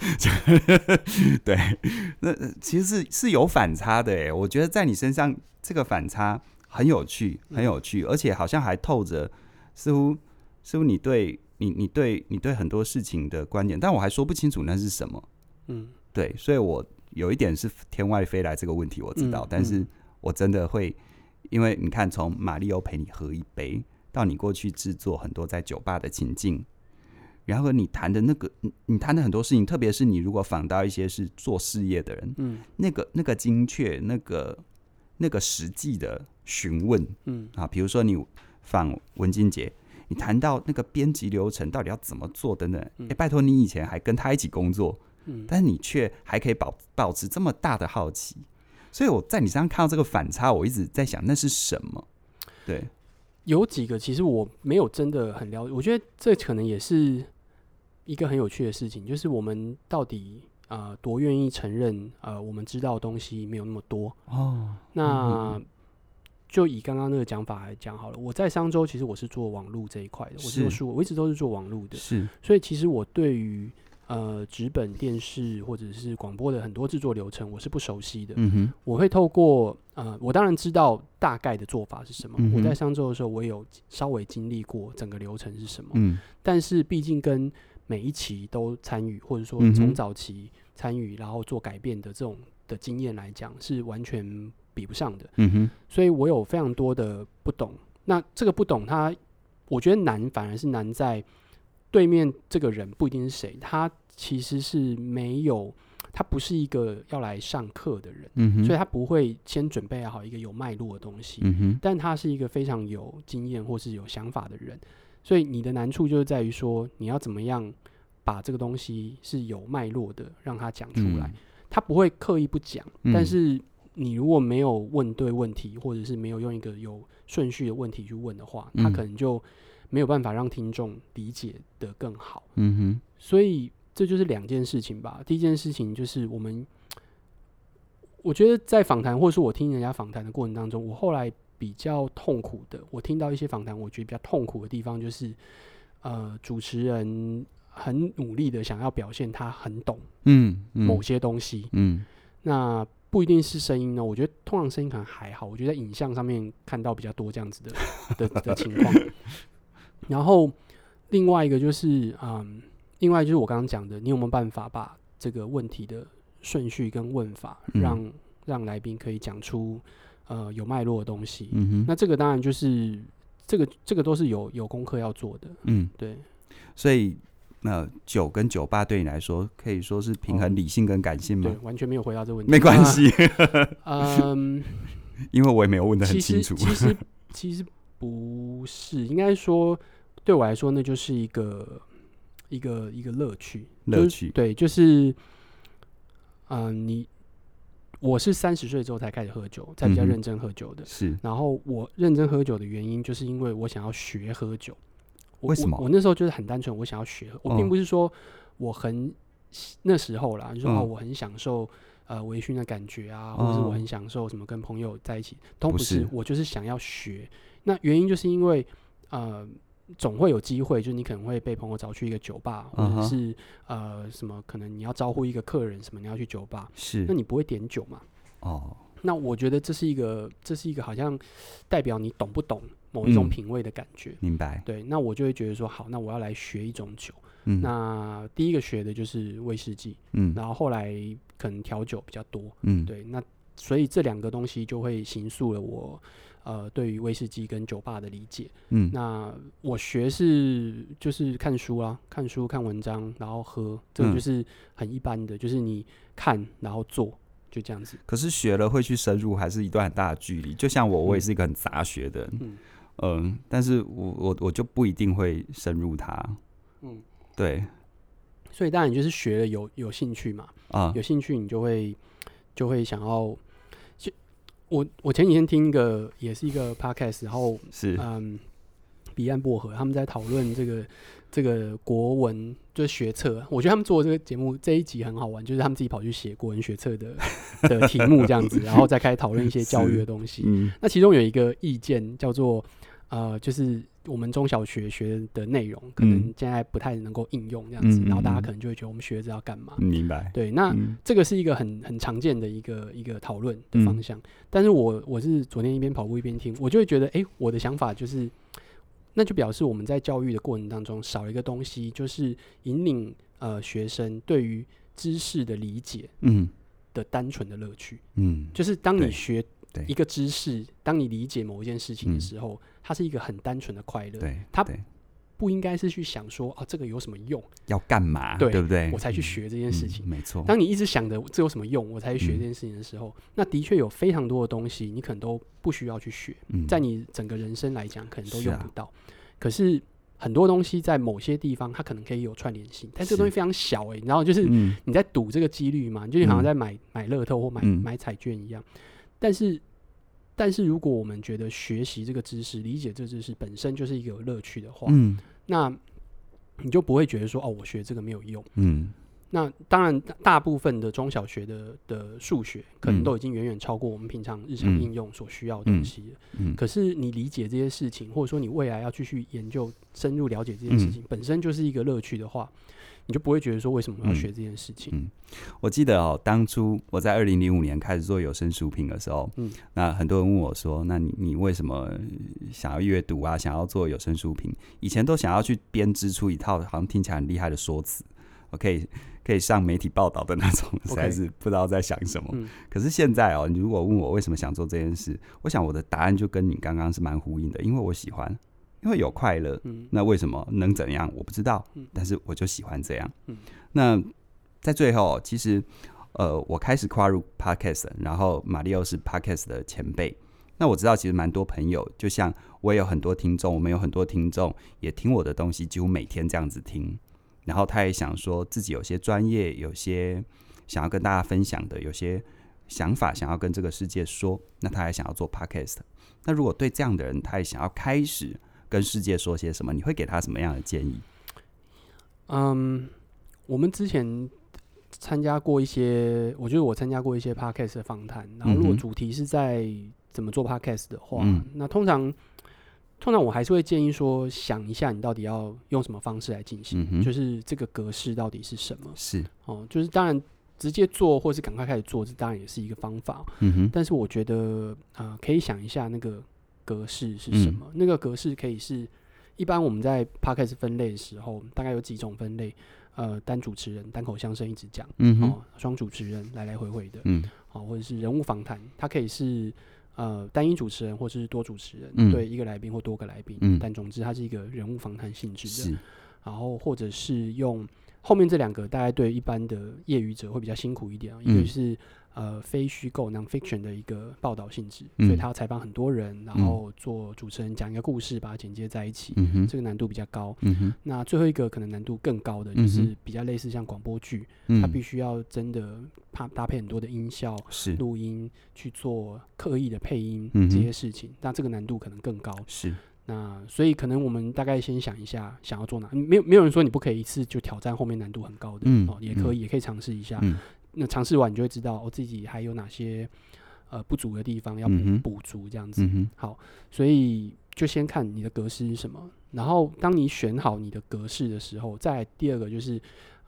S1: (laughs) 對，那其實是是有反差的耶，我覺得在你身上這個反差很有趣，很有趣，嗯、而且好像還透着，似乎似乎你對你、你對、你對很多事情的觀點，但我還說不清楚那是什麼。嗯，對，所以我。有一點是天外飛來這個問題我知道，嗯嗯、但是我真的會，因為你看從馬力歐陪你喝一杯到你過去製作很多在酒吧的情境，然後你談的那個你談的很多事情，特別是你如果訪到一些是做事業的人，嗯，那個那個精確那個那個實際的詢問，嗯啊，比如說你訪文俊杰，你談到那個編輯流程到底要怎麼做等等，哎、欸，拜托你以前還跟他一起工作。但你卻還可以保保持這麼大的好奇，所以我在你身上看到這個反差，我一直在想那是什麼？對，有幾個
S2: 其實我沒有真的很了解，我覺得這可能也是一個很有趣的事情，就是我們到底啊、呃、多願意承認呃我們知道的東西沒有那麼多哦。那、嗯、就以剛剛那個講法來講好了，我在商周其實我是做網絡這一塊的，我是我我一直都是做網絡的，是，所以其實我對於。呃，紙本電視或者是廣播的很多制作流程，我是不熟悉的。嗯哼、我會透過呃，我當然知道大概的做法是什麼。嗯、我在上周的時候，我有稍微經歷過整個流程是什麼。嗯、但是畢竟跟每一期都參與，或者說從早期參與然後做改變的這種的經驗來講，是完全比不上的、嗯哼。所以我有非常多的不懂。那這個不懂，它我覺得難，反而是難在。對面這個人不一定是誰，他其實是沒有，他不是一個要來上課的人，嗯哼、所以他不會先準備好一個有脈絡的東西、嗯哼，但他是一個非常有經驗或是有想法的人，所以你的難處就是在於說，你要怎麼樣把這個東西是有脈絡的讓他講出來，嗯、他不會刻意不講、嗯，但是你如果沒有問對問題，或者是沒有用一個有順序的問題去問的話，他可能就。嗯沒有辦法讓聽眾理解得更好。嗯哼，所以這就是兩件事情吧。第一件事情就是我們，我覺得在訪談或者說我聽人家訪談的過程當中，我後來比較痛苦的，我聽到一些訪談，我覺得比較痛苦的地方就是，呃，主持人很努力的想要表現他很懂，嗯，某些東西嗯嗯，嗯，那不一定是聲音呢、哦。我覺得通常聲音可能還好，我覺得在影像上面看到比較多這樣子的 (laughs) 的的情況。 (laughs) 然後另外一個就是，嗯，另外就是我剛剛講的，你有沒有辦法把這個問題的順序跟問法讓，讓、嗯、讓來賓可以講出呃有脈絡的東西？嗯哼，那這個當然就是這個這個都是有有功課要做的。嗯，對。
S1: 所以那酒跟酒吧對你來說可以說是平衡理性跟感性嗎？嗯、對，完全沒有回答這問題，沒關係。 (laughs) 嗯， (laughs) 因為我也沒有問的很清楚。其
S2: 實其實，其實不是，應該說。對我來說，那就是一個一個一個樂趣。樂趣對，就是嗯、呃，你我是三十歲之後才開始喝酒，才比較認真喝酒的。嗯嗯是。然後我認真喝酒的原因，就是因為我想要學喝酒。我為什麼我？我那時候就是很單純，我想要學。我並不是說我很那時候啦，你、嗯就是、說哦，我很享受呃微醺的感覺啊，嗯、或者我很享受什麼跟朋友在一起，都不是。我就是想要學。那原因就是因為呃。總會有機會，就是你可能會被朋友找去一個酒吧，或者是、Uh-huh. 呃什麼，可能你要招呼一個客人，什麼你要去酒吧，是，那你不會點酒嘛？
S1: 哦、Oh.
S2: 那我覺得這是一個，這是一個好像代表你懂不懂某一種品味的感覺、嗯。明白？對，那我就會覺得說，好，那我要來學一種酒。嗯，那第一個學的就是威士忌。嗯，然後後來可能調酒比較多。嗯，對，那。所以這兩個東西就會形塑了我，呃，對於威士忌跟酒吧的理解。嗯，那我學是就是看書啊，看書看文章，然後喝，這個就是很一般的，嗯、就是你看然後做就這樣子。
S1: 可是學了會去深入，還是一段很大的距離。就像我，我也是一個很雜學的，嗯嗯，但是我我我就不一定會深入它。嗯，對，
S2: 所以當然你就是學了有有，有興趣嘛，啊、嗯，有興趣你就會就會想要。我我前幾天聽一個也是一個 podcast，然後是嗯，彼岸薄荷他們在討論這個這個國文就是學測，我覺得他們做這個節目這一集很好玩，就是他們自己跑去寫國文學測的的題目這樣子， (laughs) 然後再開始討論一些教育的東西。嗯。那其中有一個意見叫做呃，就是。我們中小學學的內容，可能現在不太能夠應用這樣子，嗯，然後大家可能就會覺得我們學着要幹嘛、
S1: 嗯？明白。對，那
S2: 這個是一個很、嗯、很常見的一個一個討論的方向。嗯，但是我我是昨天一邊跑步一邊聽，我就會覺得，誒、欸，我的想法就是，那就表示我們在教育的過程當中少一個東西，就是引領呃學生對於知識的理解，嗯，的單純的樂趣，嗯，就是當你學。一個知識，當你理解某一件事情的時候，嗯、它是一個很單純的快樂。對，它不應該是去想說啊，這個有什麼用，
S1: 要幹嘛？對，對不對？我才去學這件事情。嗯嗯、沒錯。當你
S2: 一直想着這有什麼用，我才去學這件事情的時候，嗯、那的確有非常多的東西，你可能都不需要去學。嗯，在你整個人生來講，可能都用不到、啊。可是很多東西在某些地方，它可能可以有串聯性，但這個東西非常小哎、欸。然後就是你在賭這個幾率嘛、嗯，就你好像在買買樂透或買、嗯、買彩券一樣，但是。但是如果我們覺得學習這個知識、理解這個知識本身就是一個樂趣的話，嗯，那你就不會覺得說哦，我學這個沒有用，嗯，那當然，大部分的中小學的的數學可能都已經遠遠超過我們平常日常應用所需要的東西，嗯嗯嗯。可是你理解這些事情，或者說你未來要繼續研究、深入了解這件事情，嗯，本身就是一個樂趣的話。你就不會覺得說為什麼要學這件事情？嗯，
S1: 嗯我記得哦，當初我在二零零五年開始做有聲書評的時候，嗯，那很多人問我說：“那你你為什麼想要閱讀啊？想要做有聲書評？以前都想要去編織出一套好像聽起來很厲害的說辭，我可以可以上媒體報道的那種，實在是不知道在想什麼。Okay. 可是現在哦，你如果問我為什麼想做這件事，嗯，我想我的答案就跟你剛剛是蠻呼應的，因為我喜歡。因為有快樂，嗯，那為什麼能怎樣？我不知道，但是我就喜歡這樣。嗯，那在最後，其實，呃，我開始跨入 podcast，然後馬力歐是 podcast 的前輩。那我知道，其實蠻多朋友，就像我也有很多聽眾，我們有很多聽眾也聽我的東西，幾乎每天這樣子聽。然後他也想說自己有些專業，有些想要跟大家分享的，有些想法想要跟這個世界說。那他還想要做 podcast。那如果對這樣的人，他也想要開始。跟世界說些什麼？你會給他什麼樣的建議？嗯，
S2: 我們之前參加過一些，我覺得我參加過一些 podcast 的訪談。然後，如果主題是在怎麼做 podcast 的話，嗯、那通常通常我還是會建議說，想一下你到底要用什麼方式來進行、嗯，就是這個格式到底是什麼？是哦，就是當然直接做或是趕快開始做，這當然也是一個方法。嗯哼，但是我覺得啊、呃，可以想一下那個。格式是什麼，嗯？那個格式可以是，一般我們在 podcast 分類的時候，大概有幾種分類。呃，單主持人單口相聲一直講、嗯，哦，雙主持人來來回回的，嗯，哦、或者是人物訪談，它可以是呃單一主持人或者是多主持人，嗯、對一個來賓或多個來賓、嗯，但總之它是一個人物訪談性質的。然後或者是用後面這兩個，大概對一般的業餘者會比較辛苦一點，因一個是。嗯呃，非虛構 （non-fiction） 的一個報道性質，所以他要採訪很多人、嗯，然後做主持人講一個故事，把它剪接在一起。嗯、這個難度比較高、嗯。那最後一個可能難度更高的，就是比較類似像廣播劇，嗯、他必須要真的怕搭配很多的音效、嗯、錄音去做刻意的配音、嗯、這些事情，那這個難度可能更高。是那所以可能我們大概先想一下，想要做哪？沒有沒有人說你不可以一次就挑戰後面難度很高的、嗯、哦，也可以、嗯、也可以嘗試一下。嗯那嘗試完，你就會知道我、哦、自己還有哪些呃不足的地方要補、嗯、足，這樣子、嗯。好，所以就先看你的格式是什麼。然後當你選好你的格式的時候，再第二個就是，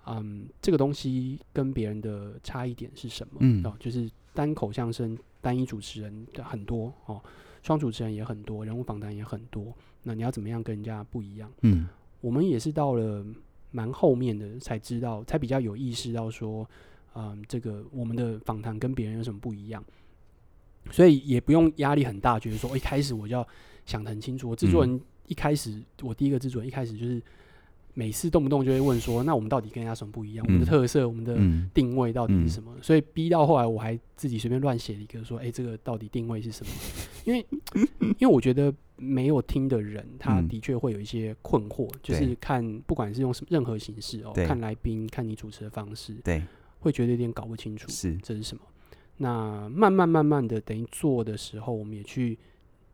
S2: 嗯，這個東西跟別人的差異點是什麼、嗯？哦，就是單口相聲、單一主持人的很多哦，雙主持人也很多，人物訪談也很多。那你要怎麼樣跟人家不一
S1: 樣？
S2: 嗯，我們也是到了蠻後面的才知道，才比較有意識到說。嗯，這個我們的訪談跟別人有什麼不一樣？所以也不用壓力很大，覺得說一開始我就要想得很清楚。我制作人一開始，我第一個制作人一開始就是每次動不動就會問說：“那我們到底跟人家什麼不一樣？我們的特色、我們的定位到底是什麼？”所以逼到後來，我還自己隨便亂寫一個說：“哎，這個到底定位是什麼？”因為因為我覺得沒有聽的人，他的確會有一些困惑，就是看不管是用什麼任何形式哦，看來賓看你主持的方式，對。會覺得有點搞不清楚，是這是什麼？是。那慢慢慢慢的，等於做的時候，我們也去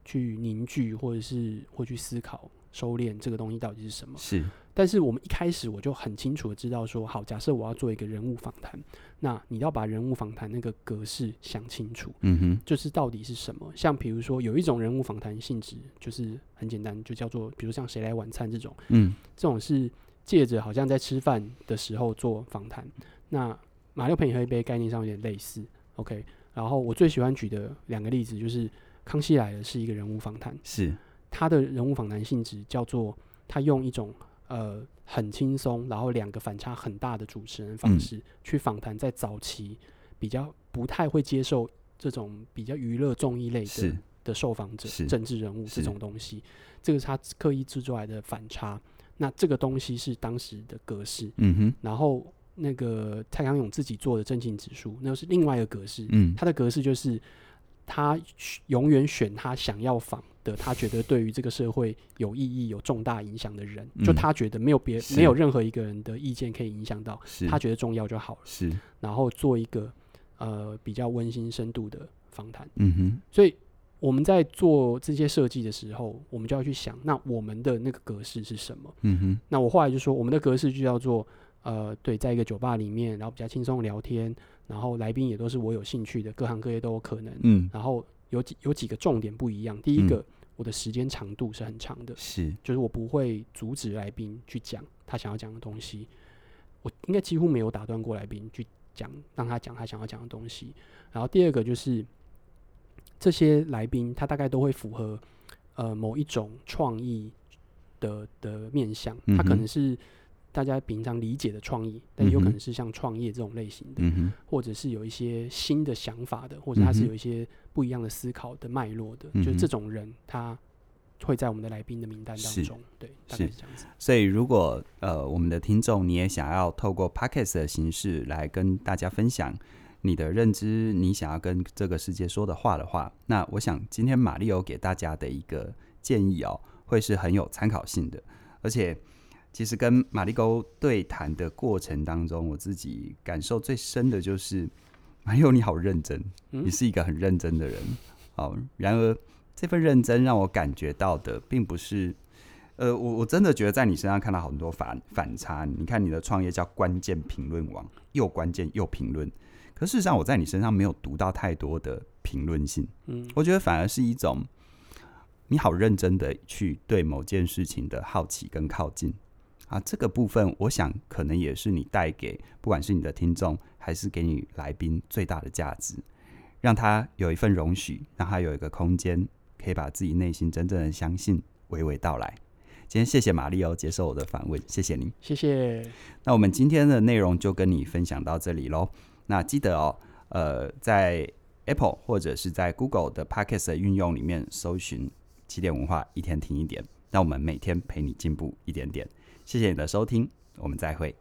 S2: 去凝聚，或者是會去思考、收斂這個東西到底是什麼？是。但是我們一開始我就很清楚的知道說，好，假設我要做一個人物訪談，那你要把人物訪談那個格式想清楚，嗯哼，就是到底是什麼？像比如說有一種人物訪談性質，就是很簡單，就叫做比如像誰來晚餐這種，嗯，這種是借着好像在吃飯的時候做訪談，那。馬力歐陪你喝一杯，概念上有點類似。OK，然後我最喜歡舉的兩個例子就是《康熙來了》，是一個人物訪談。是。他的人物訪談性質叫做他用一種呃很輕鬆，然後兩個反差很大的主持人方式、嗯、去訪談，在早期比較不太會接受這種比較娛樂綜藝類的的受訪者，政治人物這種東西。這個是他刻意制作來的反差。那這個東西是當時的格式。嗯哼。然後。那個蔡康永自己做的真情指數，那是另外一個格式。嗯，他的格式就是他永遠選他想要訪的，他覺得對於這個社會有意義、有重大影響的人，嗯，就他覺得沒有別沒有任何一個人的意見可以影響到，是，他覺得重要就好了。是，然後做一個呃比較溫馨、深度的訪談。嗯哼，所以我們在做這些設計的時候，我們就要去想，那我們的那個格式是什麼？嗯哼，那我後來就說，我們的格式就叫做。呃，對，在一個酒吧裡面，然後比較輕鬆聊天，然後來賓也都是我有興趣的，各行各業都有可能。嗯，然後有幾有幾個重點不一樣。第一個、嗯，我的時間長度是很長的，是，就是我不會阻止來賓去講他想要講的東西，我應該幾乎沒有打斷過來賓去講，讓他講他想要講的東西。然後第二個就是，這些來賓他大概都會符合呃某一種創意的的面向，他可能是。嗯大家平常理解的創意，但有可能是像創業這種類型的、嗯，或者是有一些新的想法的，或者他是有一些不一樣的思考的脈絡的、嗯，就是這種人，他會在我們的來賓的名單當中。
S1: 是對，大概是這樣子。所以，如果呃，我們的聽眾你也想要透過 Podcast 的形式來跟大家分享你的認知，你想要跟這個世界說的話的話，那我想今天馬力歐給大家的一個建議哦、喔，會是很有參考性的，而且。其實跟馬力歐對談的過程當中，我自己感受最深的就是，哎呦，你好認真，你是一個很認真的人。嗯哦、然而這份認真讓我感覺到的，並不是，呃，我我真的覺得在你身上看到很多反反差。你看你的創業叫關鍵評論網，又關鍵又評論，可事實上我在你身上沒有讀到太多的評論性。嗯，我覺得反而是一種你好認真的去對某件事情的好奇跟靠近。啊，這個部分我想可能也是你帶給不管是你的聽眾還是給你來賓最大的價值，讓他有一份容許，讓他有一個空間，可以把自己內心真正的相信娓娓道來。今天謝謝馬力歐，接受我的訪問，謝謝你，謝謝。那我們今天的內容就跟你分享到這裡嘍。那記得哦，呃，在 Apple 或者是在 Google 的 Podcast 的運用裡面搜尋“啟點文化一天聽一點”，讓我們每天陪你進步一點點。謝謝你的收聽，我們再會。